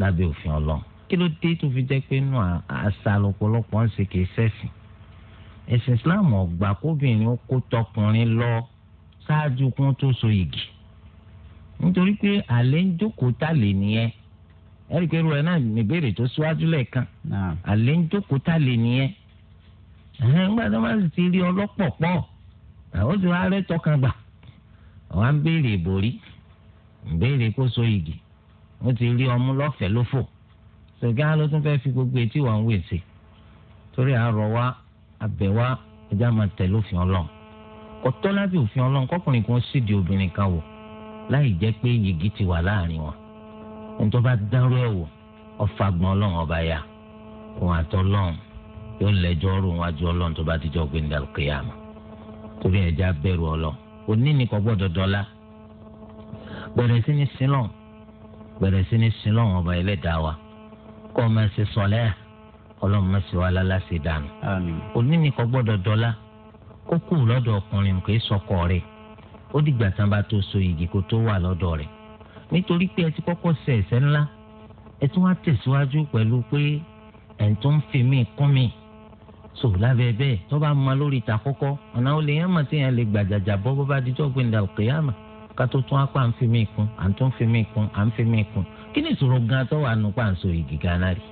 B: lábẹ́ òfin ọlọ́run kí ló dé tó fi jẹ́ pé nù àṣà lọ́pọ̀lọpọ̀ ń ṣe kìí ṣẹ̀sìn ẹ̀sìn islam ọ̀gbà kóbìnrin ó kó tọkùnrin lọ ṣáájú kún tó so igi nítorí pé àlẹ́ ń jókòó tá lè nìyẹn ẹ̀rí pé rúwẹ̀ náà níbèrè tó síwájú lẹ́ẹ̀kan àlẹ́ ń jókòó lè nìyẹn ẹ̀hìn ti rí ọlọ́pọ̀ pọ̀ sì wá rẹ́ tọkàn gbà ń béèrè ìbòrí kó so ti rí ọmú lọ́fẹ̀ẹ́ lófò. sọ̀gá ló tún fẹ́ fi gbogbo etí wà ń wèsè torí àárọ̀ wa abẹ̀ wa ẹja máa tẹ̀lé òfin ọlọ́run kọ́tọ́ lábẹ́ òfin ọlọ́run kọkùnrin kan sì di obìnrin kan wò láì jẹ́ pé yìgì ti wà láàrin wọn ohun tó bá dárú ẹ̀ wò ọ̀fà gbọ́n ọlọ́run ọba ya òun àti ọlọ́run yóò lẹ́jọ́ rò wọn àjọ ọlọ́run tó bá ti jọ gbẹ̀ndà kéyàmù torí ẹja bẹ̀rù ọlọ́run òní kọ́ máa ṣe sọ̀lẹ́ à ọlọ́run máa ṣe wá láláṣẹ dànù. òní ni kò gbọ́dọ̀ dọ́lá ó kù lọ́dọ̀ ọkùnrin kì í sọkọ rẹ̀ ó dìgbà tán bá tó so igi kó tó wà lọ́dọ̀ rẹ̀ nítorí pé ẹ ti kọ́kọ́ ṣe ẹ̀ṣẹ̀ ńlá ẹ tún wá tẹ̀síwájú pẹ̀lú pé ẹ̀ ń tó ń fi mí kún mi so lábẹ́ bẹ́ẹ̀ tó bá ma lórí ìta kọ́kọ́ ọ̀nà olè yẹn mà tí yẹn lè gbàjàjà bọ́ bó bá dijọ́ gbẹ̀ndà òkè yàmà ká tó tún apá ń fi mí kún à ń tún fi mí kún à ń fi mí kún kí ni ìṣòro gan tó wà nù pàǹso igi gánà rí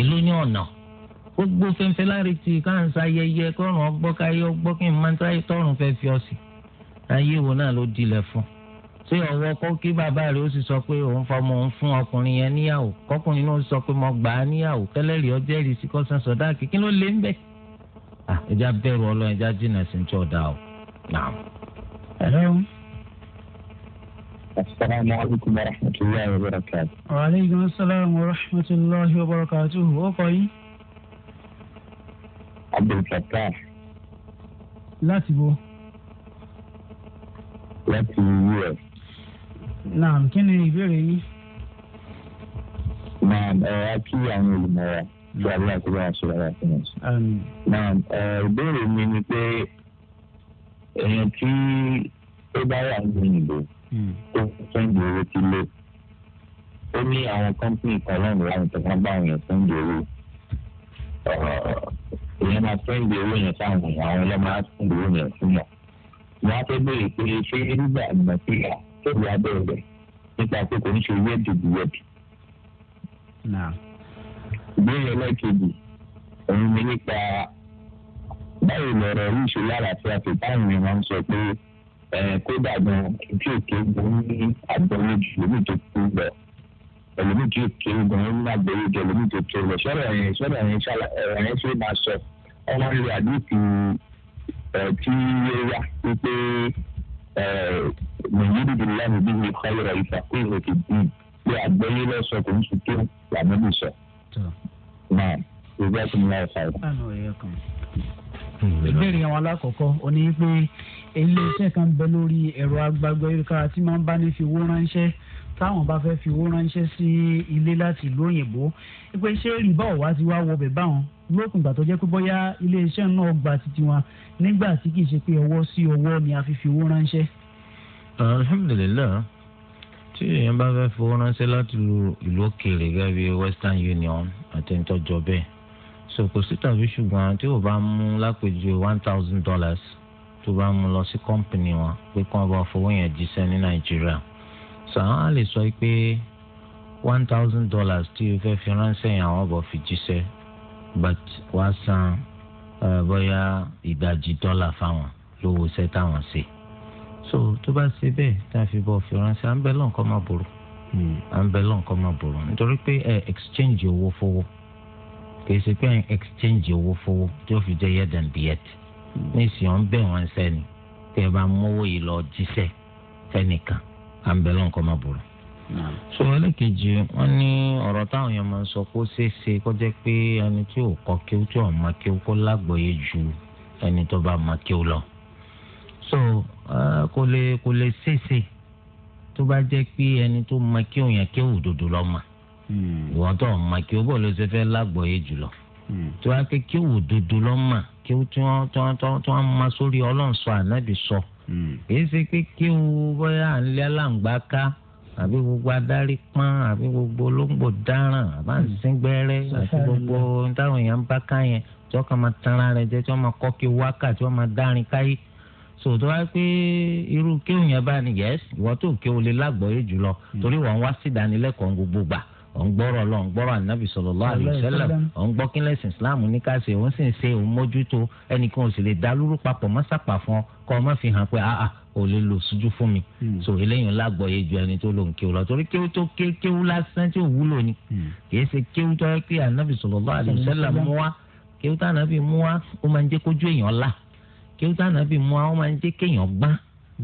B: èló ní ọ̀nà gbogbo fẹ́fẹ́ láre ti káǹsà yẹyẹ kọ́rùn ọgbọ́ káyé ọgbọ́ kí n máa ń táyé tọ́rùn fẹ́ fi ọ̀sìn ayé wo náà ló dilẹ̀ fún ṣé ọwọ́ kọ́ kí bàbá rẹ̀ ó sì sọ pé òun fọmọ òun fún ọkùnrin yẹn níyàwó kọkùnrin náà sọ pé mo gbà á níyàwó kẹlẹ́rì ọjẹ́ rí sí kọ́sán sọ̀dá kí ló lé ń ẹja bẹ̀rù ọlọ́run ẹja jìnnà sí ń tọ́ da ọ asalaamu alaykum wa
D: rahmatulahi wa barakatu.
A: wa aleykum asalaam wa rahmatulahi wa barakatu. ó kọ yín.
D: abdulfatah. láti bo. láti us.
A: naam kí eh, eh, ni ìbéèrè yín.
D: naam ẹ wá kí àwọn olùmọ̀ bí abúlé àti bá fún wọn. naam ìbéèrè mi ni pé èèyàn tí ó bá wà ní ìbò ó sẹ́ńdì owó ti lé ó ní àwọn kọ́ńpìnì kan lọ́nà láwọn tó máa bá àwọn èèyàn sẹ́ńdì owó èèyàn máa sẹ́ńdì owó yẹn sáwọn èèyàn àwọn ọlọ́mọ á sẹ́ńdì owó yẹn fún wọn. wọ́n á fẹ́ béèrè pé ṣé nígbà ìmọ̀síyà tóbi abẹ́rẹ́ nípa pé kò ní ṣe wẹ́ẹ̀dì bí wẹ́ẹ̀dì. ìbéèrè ẹlẹ́kejì òun ni nípa báyìí lọ̀rọ̀ yìí ṣe lára tí a fi báyìí ni wọ́n ń sọ pé kódà gan tí òkè ogun ní agbóyè ju omi tó kú lọ ẹlòmíì tí òkè ogun ní agbóyè ju omi tó kú lọ sọ̀rọ̀ ẹ̀yìn sọ̀rọ̀ ẹ̀yìn sọ̀rọ̀ ẹ̀yìn ṣe máa sọ ọmọ ilé àdúgbò tí yóò wá wípé nàìjíríà ti lánàá bí mi kọ́ ìrọ̀ ìfàkó ìrọ̀ ti dì í pé agbóyè lọ sọ kò ń sùn tó làmúlùsọ. náà ìgbà tí mo náà fà á. Mm-hmm. ìbéèrè
A: àwọn alákọ̀ọ́kọ́ ó ní pé iléeṣẹ́ kan bẹ lórí ẹ̀rọ agbágbé kára tí máa ń bá ní fi owó ránṣẹ́ táwọn bá fẹ́ fi owó ránṣẹ́ sí ilé láti ìlú òyìnbó pé ṣé rìbá ọ̀wá ti wá wọbẹ̀ báwọn lókun ìgbà tó jẹ́ pé bóyá iléeṣẹ́ náà gba titi wọn nígbà tí kì í ṣe pé ọwọ́ sí ọwọ́ ni a fi fi owó ránṣẹ́.
B: alhamdulilayi tí èèyàn bá fẹ́ fi owó ránṣẹ́ láti ìlú òkèèrè gẹ́gẹ́ bí western union àti ntọ́jọ́ bẹ́ẹ̀ so kò sí tàbí ṣùgbọ́n tí o bá mú lápèjì one thousand dollars tó bá mú lọ sí kọ́mpìnì wọn pé kí wọ́n bá fowó yẹn jíṣẹ́ ní nàìjíríà so àwọn á lè sọ pé one thousand dollars tí o fẹ́ fi ránṣẹ́ yẹn àwọn bọ̀ fi jíṣẹ́ but wàá san bóyá ìdajì dọ́là fáwọn lówó iṣẹ́ táwọn ṣe so tó bá ṣe bẹ́ẹ̀ tá a fi bọ̀ fi ránṣẹ́ à ń bẹ́ lọ́nkọ́ máa bòrò hmm. à ń bẹ́ lọ́nkọ́ máa bòrò nítorí pé ẹ exchange owó fowó kì í ṣe pé exchange owó fowó tí ó fi jẹ́ yẹ́ dàn bíyẹ́tì níìsín ọ̀n bẹ̀ wọ́n sẹ́ni tẹ́ ẹ bá mówó yìí lọ jíṣẹ́ fẹ́nìkan à ń bẹ lọ́nkọ́ máa bùrọ̀. sọ ẹlẹ́kejì wọ́n ní ọ̀rọ̀ táwọn èèyàn máa ń sọ kó ṣeé ṣe kó jẹ́ pé ẹni tí ò kọ́ kí ó tí ò mọ kí ó kó lágbọ̀ọ́yé ju ẹni tó bá mọ kí ó lọ. so kò lè kò tó bá jẹ́ pé ẹni tó mọ kí ó yàn kí ó òdodo lọ́mọ ìwọ́n tó ọmọ kí ó bọ̀ ló ṣe fẹ́ lágbọ̀ọ́yé jùlọ tí wọ́n á ké kí wò dodo lọ́mà kí wọ́n tí wọ́n tí wọ́n máa sórí ọlọ́run sọ ànábì sọ èyí ṣe pé kí wọ́n bóyá à ń lé aláǹgbá ká àbí gbogbo adarí pọ́n àbí gbogbo olóńgbò dáràn àbá ń sín gbẹ́rẹ́ àti gbogbo táwọn èèyàn ń bá ká yẹn tí wọ́n kàn máa tanra rẹ̀ jẹ́ tí wọ́n máa kọ́ kí wákà tí wọ́n máa dárin káyé sòtò wá pé irú kéwòn yẹn bá ní yẹs ìwọ tó kéwòn lè lágbọ̀ọ́yé jùlọ hmm. torí wọ́n wá sí ìdánilẹ́kọ̀ọ́ gbogbo gbà òun gbọ́rọ̀ lọ òun gbọ́rọ̀ ànábì sallallahu alaihi wasallam òun gbọ́ kí lẹ́sìn islam ní ká ṣe òun sì ń ṣe òun mójútó ẹnìkan ò sì lè dálúrú papọ̀ mọ́sàpà fún ọ kọ́ ọ má fi hàn pé àà ò lè lò sójú fún mi hmm. so eléyìí ńlá gbọ́ yé ju ẹni tó lò ń kéwù lọ torí kéwù tó ké kéwù lásán tí ò wúlò ni hmm. kìí ṣe kéwù tó yẹ pé ànábì sallallahu alaihi wasallam mú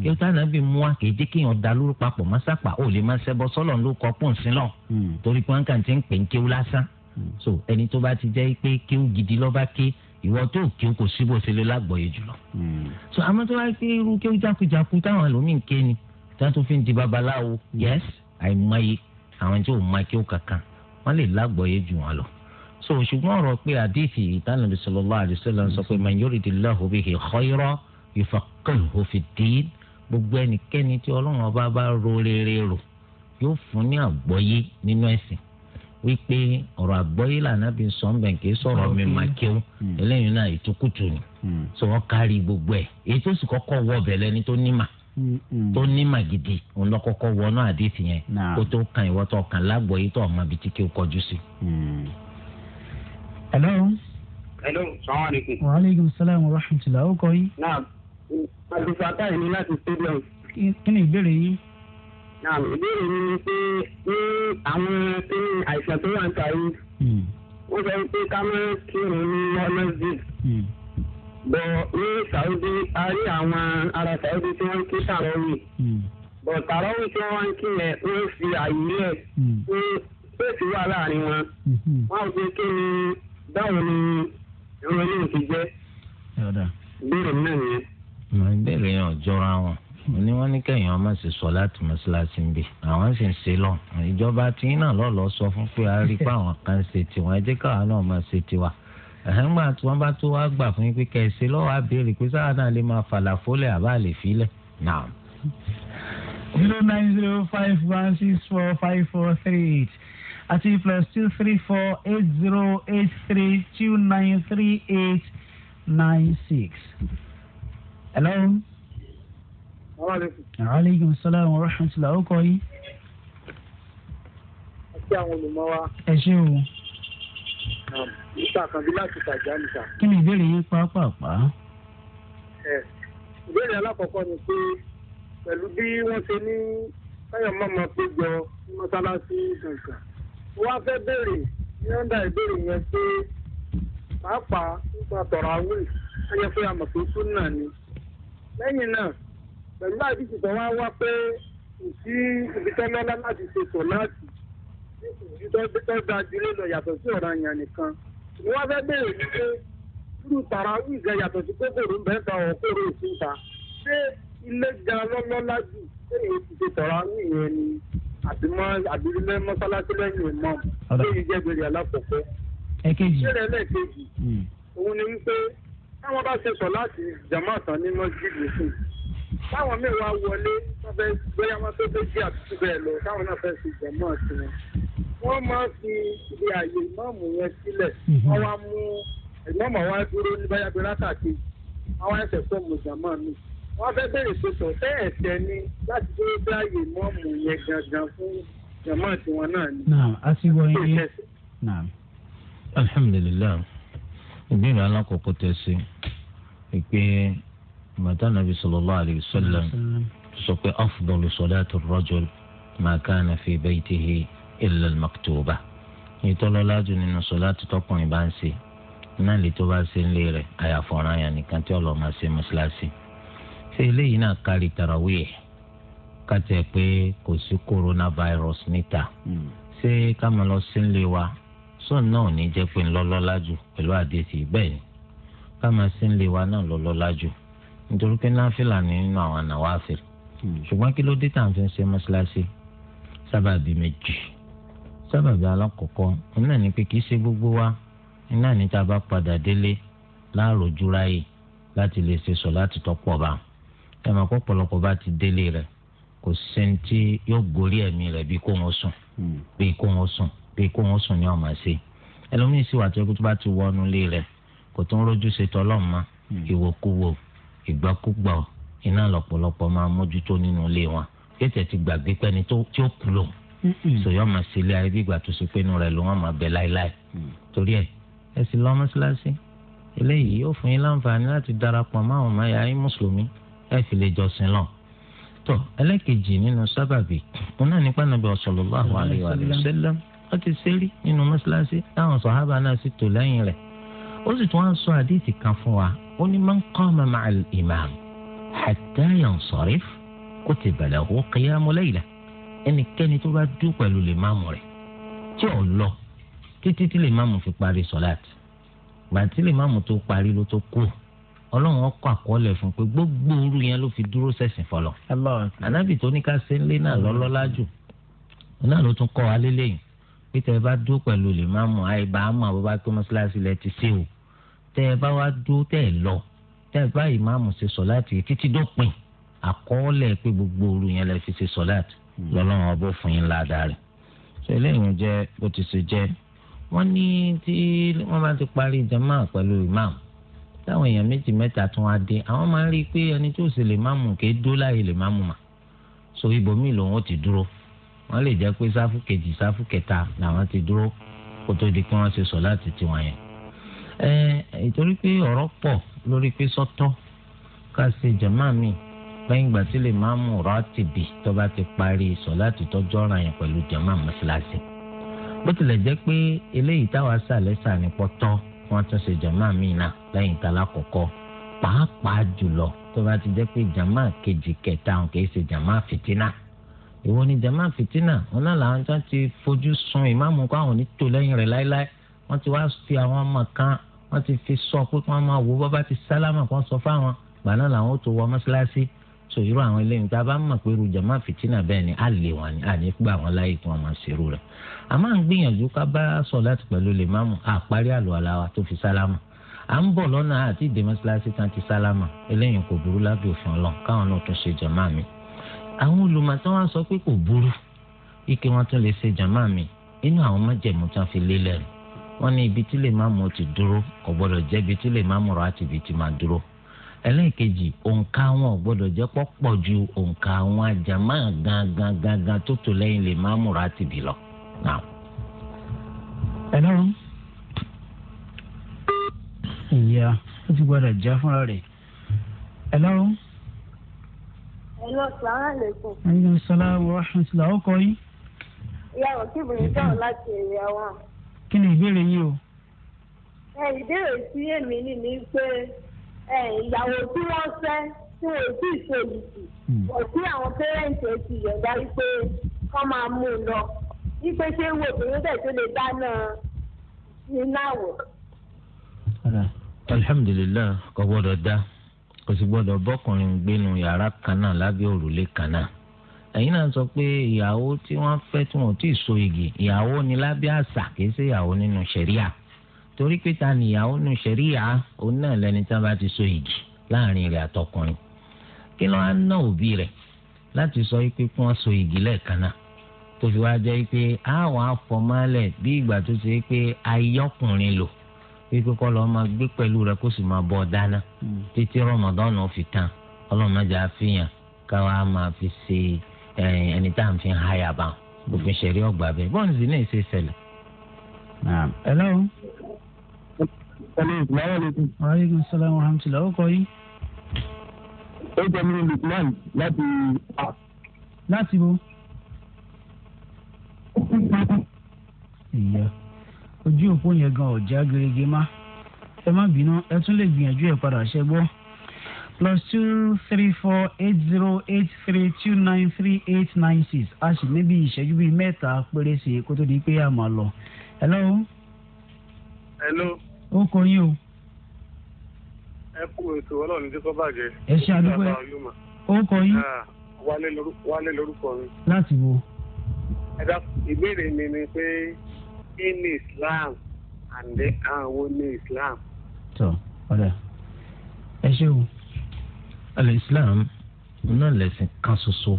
B: kí ọtá nàbì mú wa kì í jẹ́ kí èèyàn da lóru papọ̀ má sápà ó lè má ṣẹbọ sọ́lọ̀ ló kọ pọ̀ sí lọ hmm. torí pé wọ́n kàn ti ń pè ń kéwú lásán hmm. so ẹni tó bá ti jẹ́ pé kéwú gidi lọ́ bá ké ìwọ tó kéwú kò síbò ṣe lè lágbọ̀ọ́yé jùlọ. Hmm. so àmọ́ tó bá pé irú kéwú jákujàku táwọn ẹlòmíín ké ni tí wọ́n tún fi ń di babaláwo yes àìmọye àwọn tí ò mọ kéwú kankan wọ́n lè lágbọ̀ọ́yé jù wọn lọ so ṣùgbọ́n ọ̀rọ̀ pé àdéhì ìtànàbí sallallahu alaihi wasallam sọ pé man yuridillahu bihi khayran yufaqqihu fid gbogbo ẹnikẹ́ni tí ọlọ́run ọba bá ro rò yóò fún ní àgbọ́yé nínú ẹ̀sìn wípé ọ̀rọ̀ àgbọ́yé lànàbí kì í sọ̀rọ̀ mi kéwù hmm. eléyìí náà ìtukùtù ni hmm. sọ wọ́n kárí gbogbo ẹ̀ èyí tó sì kọ́kọ́ wọ tó hmm, gidi òun lọ kọ́kọ́ wọ náà àdéhìí yẹn kó tó kan ìwọ́ tó kan tó ọmọ salaam
C: abdulfatai ni láti stadium.
A: kí ni ìbéèrè yín.
C: naam ìbéèrè mi ni pé ní àwọn kíni àìsàn tó wà ń ta yìí hmm. wọ́n sọ pé ká má kírun ní ọlọ́sìn hmm. bọ̀ ní Saudi a rí àwọn ará Saudi tí wọ́n ń kí sàrọ́wì hmm. bọ̀ sàrọ́wì tí wọ́n ń kí yẹn wọ́n fi àyè lẹ̀ pé pèsè wà láàrin wọn wọn ò fi kí ni báwo ni ìròyìn ti jẹ́ béèrè náà nìyẹn
B: ìbéèrè yẹn ọjọ́ra wọn ni wọ́n ní kẹ́yìn ọmọ sì sọ láti mọ́ṣáláṣí ń bì àwọn sì ń ṣe lọ ìjọba tí náà lọ́ọ̀lọ́ sọ fún pé a rí i pé àwọn kan ṣe tiwọn ẹ jẹ́ káwa náà máa ṣe tiwa ẹ̀hẹ́ngbà tí wọ́n bá tó wá gbà fún yín pé kẹ̀sì lọ́wọ́ àbẹ̀rẹ̀ pé sáà náà lè máa fàlàfólẹ̀ àbá lè filẹ̀ náà.
A: zero nine zero five one six four five four three eight àti plus two three four eight zero eight three two nine three eight nine six hello. aleykum salaam wa rahmatulah ó kọ yín.
C: ẹ ṣe àwọn olùmọ̀ wa. ẹ ṣe o. níta kan bí láti tàjà níta.
A: kí ni ìbéèrè yín pàápàá.
C: ẹ ìbéèrè alákọ̀ọ́kọ́ ni pé pẹ̀lú bí wọ́n ṣe ní káyọ̀ mọ́mọ́ péjọ ní mọ́sálásí kankan wọ́n á fẹ́ béèrè ní ọ́ndà ìbéèrè yẹn pé pàápàá nípa tọ̀rọ̀ àwìn ẹ̀yẹ fẹ́ súnà ni lẹ́yìn náà pẹ̀lú àdìsí tó wá wá pé kò sí ibi tó lọ́lá láti ṣe sọ láti ibi tó gba jùlọ lọ yàtọ̀ sí ọ̀ranyàn nìkan ni wọ́n fẹ́ bèèrè ní pé irú tàràwí ìgbà yàtọ̀ sí kókòrò ń bẹ́ẹ̀ ta ọ̀kọ́rọ̀ òfin ta ṣé ilé ga lọ́lọ́lá jù ṣé èyí ti ṣe tàràwí yẹn ni àbímọ́ àbílẹ̀ mọ́sálásí lẹ́yìn ìmọ̀ ṣé ìjẹ́gbẹ̀rẹ̀ alákọ̀ọ́kọ́ ẹ̀kejì ṣé lẹ́lẹ́kejì hmm. òun ni wípé táwọn bá ṣe sọ láti jama tán ní mọ́sídìí nìkan táwọn mẹ́wàá wọlé wọ́n fẹ́ bóyá wọ́n tó tó jí àtúntò bẹ́ẹ̀ lọ táwọn náà fẹ́ ṣe jama tiwọn wọ́n máa fi ibi àyè ìmọ̀ọ̀mù yẹn sílẹ̀ mhm. wọ́n wá mú ìmọ̀ọ̀mù wa dúró ní báyàgbé látàkì àwọn ẹsẹ̀ tó mú jama mi wọ́n fẹ́ bẹ̀rẹ̀ pé sọ tẹ́ ẹ̀sẹ̀ ni láti dúró bí àyè ìmọ̀ọ̀mù yẹn gangan fún
B: jama tiwọn náà ni. naam asiwọ yẹn naam alhamdulilayi ìbéèrè alákọ̀ọ́kọ́ tẹ sí i pé màtá nàbí sallallahu alayhi wa sallam sọ pé afdalu salati ar-rajul ma kana fi baytihi illa al-maktuba ìtọ́lọ́lájú nínú sọláàtì tọkùnrin bá ń ṣe náà lè tó bá ṣe ń lé rẹ̀ àyàfọ̀ràn yẹn nìkan tí ọlọ́ọ̀ máa ṣe mọ́ṣáláṣí ṣé eléyìí náà kárí tarawih kàtẹ́ pé kò sí coronavirus níta hmm. ṣé ká máa lọ sí ń lé wa sọ́ọ̀n náà ò ní jẹ́ pé ń lọ́lọ́lá jù pẹ̀lú àdéhìí bẹ́ẹ̀ ni ká máa sí ń lé wa náà lọ́lọ́lá jù nítorí pé náfìlà ni nínú àwọn nàwáfìlì hmm. ṣùgbọ́n kí ló dé tá à ń fi ṣe mọ́ṣáláṣí sábàbí méjì sábàbí alákọ̀ọ́kọ́ iná ní pé kìí ṣe gbogbo wa iná ní tá a bá padà délé láàròjú ráyè láti lè ṣe sọ láti tọ́pọ̀ bá ẹ̀mọ́ pọ̀pọ̀lọpọ̀ bá ti délé rẹ̀ kò sẹ́ni tí yóò gorí ẹ̀mí rẹ̀ bí kò wọ́n sùn hmm. bí kò wọ́n sùn pé kó wọn sùn ní ọmọ ṣe ẹlòmíín sì wà tó kó tó bá ti wọnú ilé rẹ̀ kò tó ń rojú ṣe tọlọ́mọ hmm. ìwòkuwò ìgbọ́kúgbọ̀ iná lọ́pọ̀lọpọ̀ máa mójútó nínú ilé wọn kéètè ti gbàgbé pẹ́ni tí ó kú lòun hmm. sòyọ́ máa ṣe ilé ayé bí ìgbà tó ṣe pé inú rẹ̀ ló wọ́n máa bẹ láéláé hmm. torí ẹ̀ ẹ sì lọ mọ́ṣáláṣí eléyìí yóò fún yín láǹfààní láti darapọ̀ mọ́ àwọn ọmọ ẹ̀yà ayé mùsùlùmí ẹ fi lè jọ́sìn lọ. tó ẹlẹ́kejì nínú sábàbí òun náà nípa Ànábì sallallahu alaihi wa sallam wọ́n ti ṣe rí nínú mọ́ṣáláṣí táwọn sọ̀hábà náà sì tò lẹ́yìn rẹ̀ ó sì tún wá sọ àdéhìí kan fún wa ó ní man qama ma'al imam hatta yansarif kutiba lahu qiyamu layla ẹnikẹ́ni tó bá dú pẹ̀lú lè máàmù rẹ̀ tí ò lọ títí tí lè máàmù fi parí sọ̀láàtì gbàtí lè máàmù tó parí ló tó kú ọlọ́run ọkọ̀ àkọọ́lẹ̀ fún pé gbogbo òru yẹn ló fi dúró sẹ̀sìn fọlọ́ anábì tó ní ká ṣe náà lọ́lọ́lá jù náà ló tún kọ́ wa lélẹ́yìn pété ẹ bá dúró pẹ̀lú lè má mọ̀ àìbá àmọ́ àbúrò bá tó mọ́ṣáláṣí lẹ ti ṣe o tẹ ẹ bá wá dúró tẹ ẹ lọ tẹ ẹ bá ìmáàmù ṣe sọ láti títí dópin àkọọ́lẹ̀ pé gbogbo òru yẹn lẹ fi ṣe sọ láti hmm. lọ́lọ́run ọbọ̀ fún yín ládàá rẹ̀ ṣe eléyìí jẹ́ bó ti ṣe jẹ́ wọ́n ní tí wọ́n bá ti parí jama pẹ̀lú ìmáàmù táwọn èèyàn méjì mẹ́ta tún wá dé àwọn máa ń rí i pé ẹni tó ṣe lè máàmù kéé dó láàyè lè máàmù mà so ibòmíì lòun ó ti dúró wọ́n lè jẹ́ pé sáfù kejì sáfù kẹta làwọn ti dúró kó tó di pé wọ́n ṣe sọ láti tiwọn yẹn. ẹ ìtorí pé ọ̀rọ̀ pọ̀ lórí pé sọ́tọ́ ká ṣe jàmáà mi lẹ́yìn ìgbà tí lè máa mú ráàtìbì tó bá ti parí sọ láti tọ́jọ́ ra yẹn pẹ̀lú jàmáà mọ́ṣáláṣí. bó tilẹ̀ jẹ́ pé eléyìí táwa sàlẹ̀ sàní pọ́tọ́ wọ́n tún ṣe jàmáà mi náà lẹ́yìn ìtàlá kọ̀ọ̀kọ́ pàápàá jùlọ tó bá ti jẹ́ pé jàmáà kejì kẹta òun kì í ṣe jàmáà fìtínà ìwọ ni jama fitina wọn náà làwọn tó ti fojú sun ìmáàmù kó àwọn onítò lẹ́yìn rẹ̀ láéláé wọ́n ti wá fi àwọn ọmọ kan wọ́n ti fi sọ pé wọ́n máa wò bọ́bá ti sálámà kan sọ fáwọn gbà náà làwọn ó tó wọ mọ́ṣáláṣí tó irú àwọn eléyìí tá a bá mọ̀ pé irú jama fitina bẹ́ẹ̀ ni a lè wọ́n ni a ní gbà wọ́n láàyè kí wọ́n máa ṣerú rẹ̀ a máa ń gbìyànjú ká bá sọ láti pẹ̀lú lè máàmù àparí àlùwàlá wa tó fi sálámà à ń bọ̀ lọ́nà àti ìdè mọ́ṣáláṣí kan ti sálámà eléyìí kò burú lábẹ́ òfin ọlọ́run káwọn náà tún ṣe jama mi àwọn olùmọ̀tán wá sọ pé kò burú ike wọn tún lè ṣe jàmá mi inú àwọn májẹ̀mú tán fi lé lẹ́nu wọn ní ibi tí lè má mú ti dúró kò gbọdọ̀ jẹ́ ibi tí lè má mú rọ àti ibi tí máa dúró ẹlẹ́ẹ̀kejì òǹkà wọn ò gbọdọ̀ jẹ́ pọ̀pọ̀ ju òǹkà àwọn àjàmá gangan gangan tó tò lẹ́yìn lè má mú rọ àti ibì lọ. ẹ lọ́rùn
A: ìyá ó ti gbọdọ̀ já fúnra rẹ̀ ẹ lọ́rùn.
C: Hello, salaamaleykum.
A: aleykum salaam wa rahmatulah ọkọ yìí.
C: ìyá òkè ìbòyìn sọ̀rọ̀ láti èrè àwọn.
A: kí ni ìbéèrè yìí o.
C: ẹ ìbéèrè sí èmi ni mi pé ìyàwó tí wọ́n fẹ́ tí wọ́n sì ṣe ìlùkù ọ̀sí hmm. àwọn pẹ́rẹ́ǹtì ẹ̀ ti yọ̀ǹda wípé kọ́ máa mú un lọ wípé ṣé wo obìnrin bẹ́ẹ̀ tó lè dáná iná wọ̀.
B: alhamdulilayi kò gbọ́dọ̀ dá kò sì gbọ́dọ̀ bọ́kùnrin gbénu yàrá kan náà lábẹ́ òrùlé kan náà ẹ̀yin náà sọ pé ìyàwó tí wọ́n fẹ́ tí wọ́n ti so igi ìyàwó ni lábẹ́ àṣà kìí ṣe ìyàwó nínú ṣẹ̀ríà torí pé ta ni ìyàwó nínú ṣẹ̀ríà òun náà lẹni tí wọ́n bá ti so igi láàrin rẹ̀ àtọkùnrin kí ló á ná òbí rẹ̀ láti sọ pé kí wọ́n so igi lẹ́ẹ̀kan náà tó fi wá jẹ́ pé àwọn afọmọ́lẹ̀ bí ìgbà tó ṣe pé ayọ́kùnrin lò kíkọ́ kọ́ lọ́ọ́ máa gbé pẹ̀lú rẹ̀ kó sì máa bọ́ dáná hmm. títí Ramadan náà fi tán ọlọ́run má jà káwa máa fi ṣe ẹni tá à ń fi háyà bá hmm. òfin ṣẹ̀rí ọgbà bẹ́ẹ̀ bọ́ọ̀nù sí náà ṣe ṣẹlẹ̀. hello.
A: hello ìgbàlá lókun. aleykum salaam wa rahmatulah ó kọ ó jẹ́ mi ní Lukman láti. láti wo. ìyá. Yeah ojú òpó yẹn gan ọ̀já gerege má ẹ má bínú ẹ tún lè gbìyànjú ẹ padà ṣẹ gbọ́ plus two three four eight zero eight three two nine three eight nine six a sì níbi ìṣẹ́jú bíi mẹ́ta péré sí i kó tó di pé a máa lọ. hello. hello. ó kọ yín o.
C: ẹ kú ètò ọlọ́run tí kò bàjẹ́. ẹ ṣe àdúgbò ẹ ó kọ yín. wálé lórúkọ mi. láti wo. ẹ dá ìbéèrè mi ni pé. In Islam, and they àwọn ní islam.
B: tọ ọ̀dà ẹ ṣé o alẹ́ islam náà lẹ́sìn kan ṣoṣo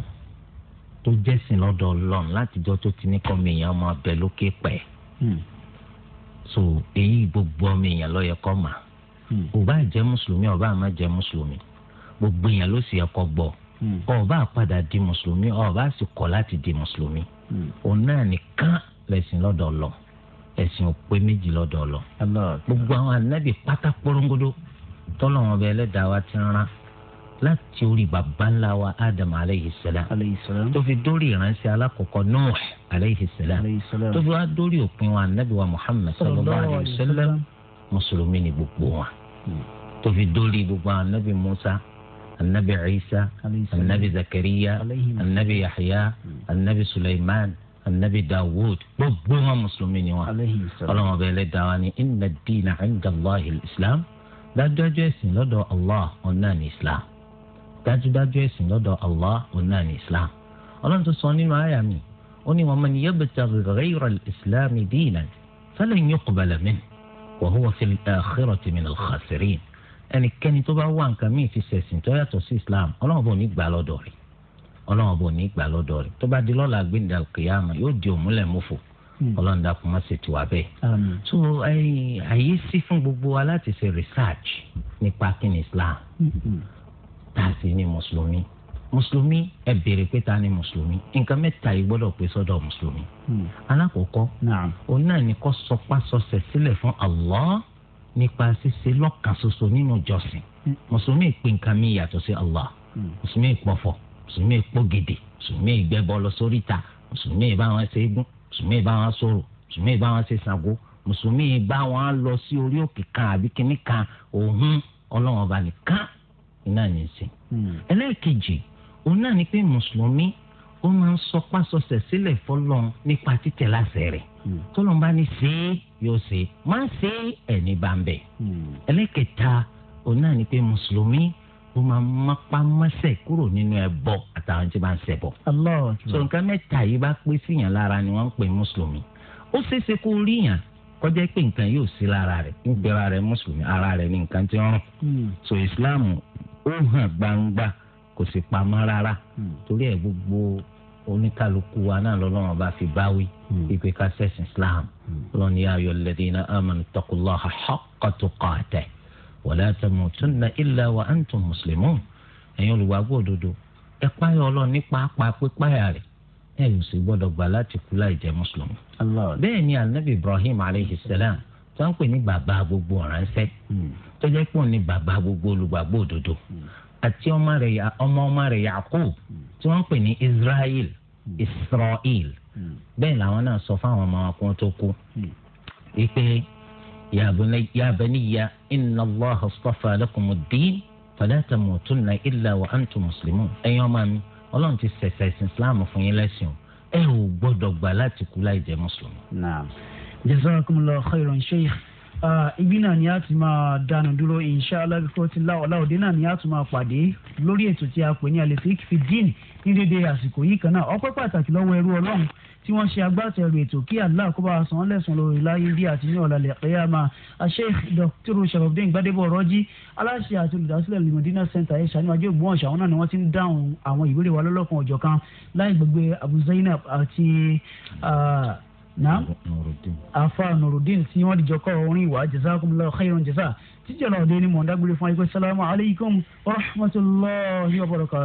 B: tó jẹ́sìn lọ́dọ̀ ọlọ́run látijọ́ tó ti ní kọ́mi èèyàn máa bẹ lókè pẹ́ hmm. so èyí gbogbo ọmọ èèyàn ló yẹ kó mà ó hmm. bá jẹ́ mùsùlùmí ó bá má jẹ́ mùsùlùmí gbogbo èèyàn ló sì yẹ kó gbọ́ ó hmm. bá di mùsùlùmí ó bá sì kọ̀ láti di mùsùlùmí òun náà nìkan lẹ́sìn lọ́dọ̀ ọlọ́run ẹ̀sìn ò pé méjì lọ́dọ̀ lọ. gbogbo àwọn ànábì pátá porongodo tọ́lọ̀ wọn bẹ ẹlẹ́dàá wa ti rán láti orí bàbá ńlá wa ádámù aleyhi sẹlẹm tó fi dórí ìránṣẹ́ alákọ̀ọ́kọ́ nuh aleyhi sẹlẹm tó fi wá dórí òpin wa ànábì wa muhammed sallallahu alayhi wa sallam mùsùlùmí ni gbogbo wọn hmm. tó fi dórí gbogbo ànábì musa ànábì isa ànábì zakariya ànábì yahya hmm. ànábì suleiman anabi dawud gbogbo wọn mùsùlùmí ni wọn ọlọ́run ọba ẹlẹ́dàá wa ni inna ad-dina 'inda Allahi al-islam dájúdájú ẹ̀sìn lọ́dọ̀ allah ọ̀nà ní islam dájúdájú ẹ̀sìn lọ́dọ̀ allah ọ̀nà ní islam ọlọ́run tó sọ nínú àyà mi ó ní wa man yabtaghi ghayra al-islam dinan falan yuqbala minhu wa huwa fil akhirati minal khasirin ẹnikẹ́ni tó bá wá nǹkan míì fi ṣẹ̀sìn tó yàtọ̀ sí islam ọlọ́run bò ní gbà lọ́dọ̀ rẹ̀ ọlọ́run ọba ò ní gbà lọ́dọ̀ rẹ̀ tó bá di lọ́la gbẹ̀ndà kìyàmù yóò di òmùlẹ̀ mọ́fò hmm. ọlọ́run dàkú má ṣe tiwa bẹ́ẹ̀. so àyè sí fún gbogbo wa láti ṣe research nípa kíni islam hmm. tá a sì ní mùsùlùmí mùsùlùmí ẹ béèrè pé ta ni mùsùlùmí nǹkan mẹ́ta yìí gbọ́dọ̀ pé sọ́dọ̀ mùsùlùmí. Hmm. alákọ̀ọ́kọ́ òun náà ni kó sọpá sọsẹ̀ sílẹ̀ fún Allah nípa ṣíṣe lọ́kàn ṣoṣo nínú ìjọsìn mùsùlùmí pé nǹkan mi yàtọ̀ sí Allah mùsùlùmí pọ̀fọ̀ mùsùlùmí èpo gèdè mùsùlùmí ìgbẹ́bọ lọ sórí ta mùsùlùmí ìbá wọn ṣe égún mùsùlùmí ìbá wọn sọ̀rọ̀ mùsùlùmí ìbá wọn ṣe Ṣàngó mùsùlùmí ìbá wọn lọ sí orí òkè kan àbí kínní kan òun ọlọ́wọ́n ọba nìkan iná ní í sìn. Hmm. ẹlẹ́ẹ̀kejì òun náà ni pé mùsùlùmí ó máa ń sọpá sọsẹ̀ sílẹ̀ fọlọ́n nípa títẹ̀ láṣẹ rẹ̀ hmm. tọ́lọ́n bá ní ṣe é yóò ṣe má ṣe é ẹ̀ní bá ń hmm. òun náà ni pé mùsùlùmí tó máa mápá mọ́sẹ̀ kúrò nínú ẹbọ àtàwọn tí wọ́n ń ṣẹbọ. so nǹkan mẹ́ta yìí bá pé síyàn lára ni wọ́n ń pè mùsùlùmí ó ṣeéṣe kó rí yàn kọjá pé nǹkan yóò sí lára rẹ̀ ń gbéra rẹ̀ mùsùlùmí ara rẹ̀ ní nǹkan tí wọ́n rùn hmm. so islam ó hàn gbangba kò sì pamọ́ rárá hmm. torí ẹ̀ gbogbo oníkàlùkù wa náà lọ́lọ́run bá fi báwí ìpè hmm. ká islam lọ́ni ayọ̀ lẹ́dínà amanu taqullaha haqqa tuqatih wala tamutunna illa wa antum muslimun ẹ̀yin olùwàgbọ́ òdodo ẹ páyọ̀ ọlọ́run ní pàápàá pípáyà rẹ̀ ẹ ò sì gbọ́dọ̀ gbà láti kú láì jẹ́ mùsùlùmí. bẹ́ẹ̀ ni anabi ibrahim aleyhi salam tó ń pè ní bàbá gbogbo ọ̀ránṣẹ́ hmm. tó jẹ́ pé òun ni bàbá gbogbo olùgbàgbọ́ òdodo hmm. àti ọmọ ọmọ rẹ̀ yakub tí wọ́n pè ní israel hmm. israel bẹ́ẹ̀ làwọn náà sọ fáwọn ọmọ wọn kó tó kú يا بني إن الله اصطفى لكم الدين فلا تموتن إلا وأنتم مسلمون ẹ̀yin ọmọ mi Ọlọ́run ti ṣẹ̀ṣẹ̀ ìsìn islam fún yín lẹ́sìn o ẹ ò gbọ́dọ̀ gbà láti kú láì jẹ́ mùsùlùmí. naam jazakumullahu
A: khairan sheikh ibi náà ni a ti máa dánu dúró inshallah bíkọ́ ti láòláòdé náà ni a tún máa pàdé lórí ètò tí a pè ní alẹ́ fi fi dín ní dédé àsìkò yìí kan náà ọpẹ́ pàtàkì lọ́wọ́ ẹrú Ọlọ́run tí wọ́n ṣe agbátẹrù ètò kí Allah kó bá san lẹ́sùn lórí láyé bí àti ní ọ̀làlẹ̀ kíyámà Sheikh Dr. Sharafdin Gbadebo Rọ́jí aláṣẹ àti olùdásílẹ̀ Limodina Center ẹ̀ ṣàníwá jẹ́ ògbón ọ̀ṣà àwọn náà ni wọ́n ti ń dáhùn àwọn ìbéèrè wa lọ́lọ́kan ọ̀jọ̀ kan láì gbogbo Abu Zainab àti afa Nuruddin tí wọ́n dìjọ kọ́ orin ìwà jazakumullahu khairan jaza títí ọ̀la ọ̀dẹ́ ni mọ̀ ń dágbére fún ayé pé sálámù alaykum wa rahmatulahi wa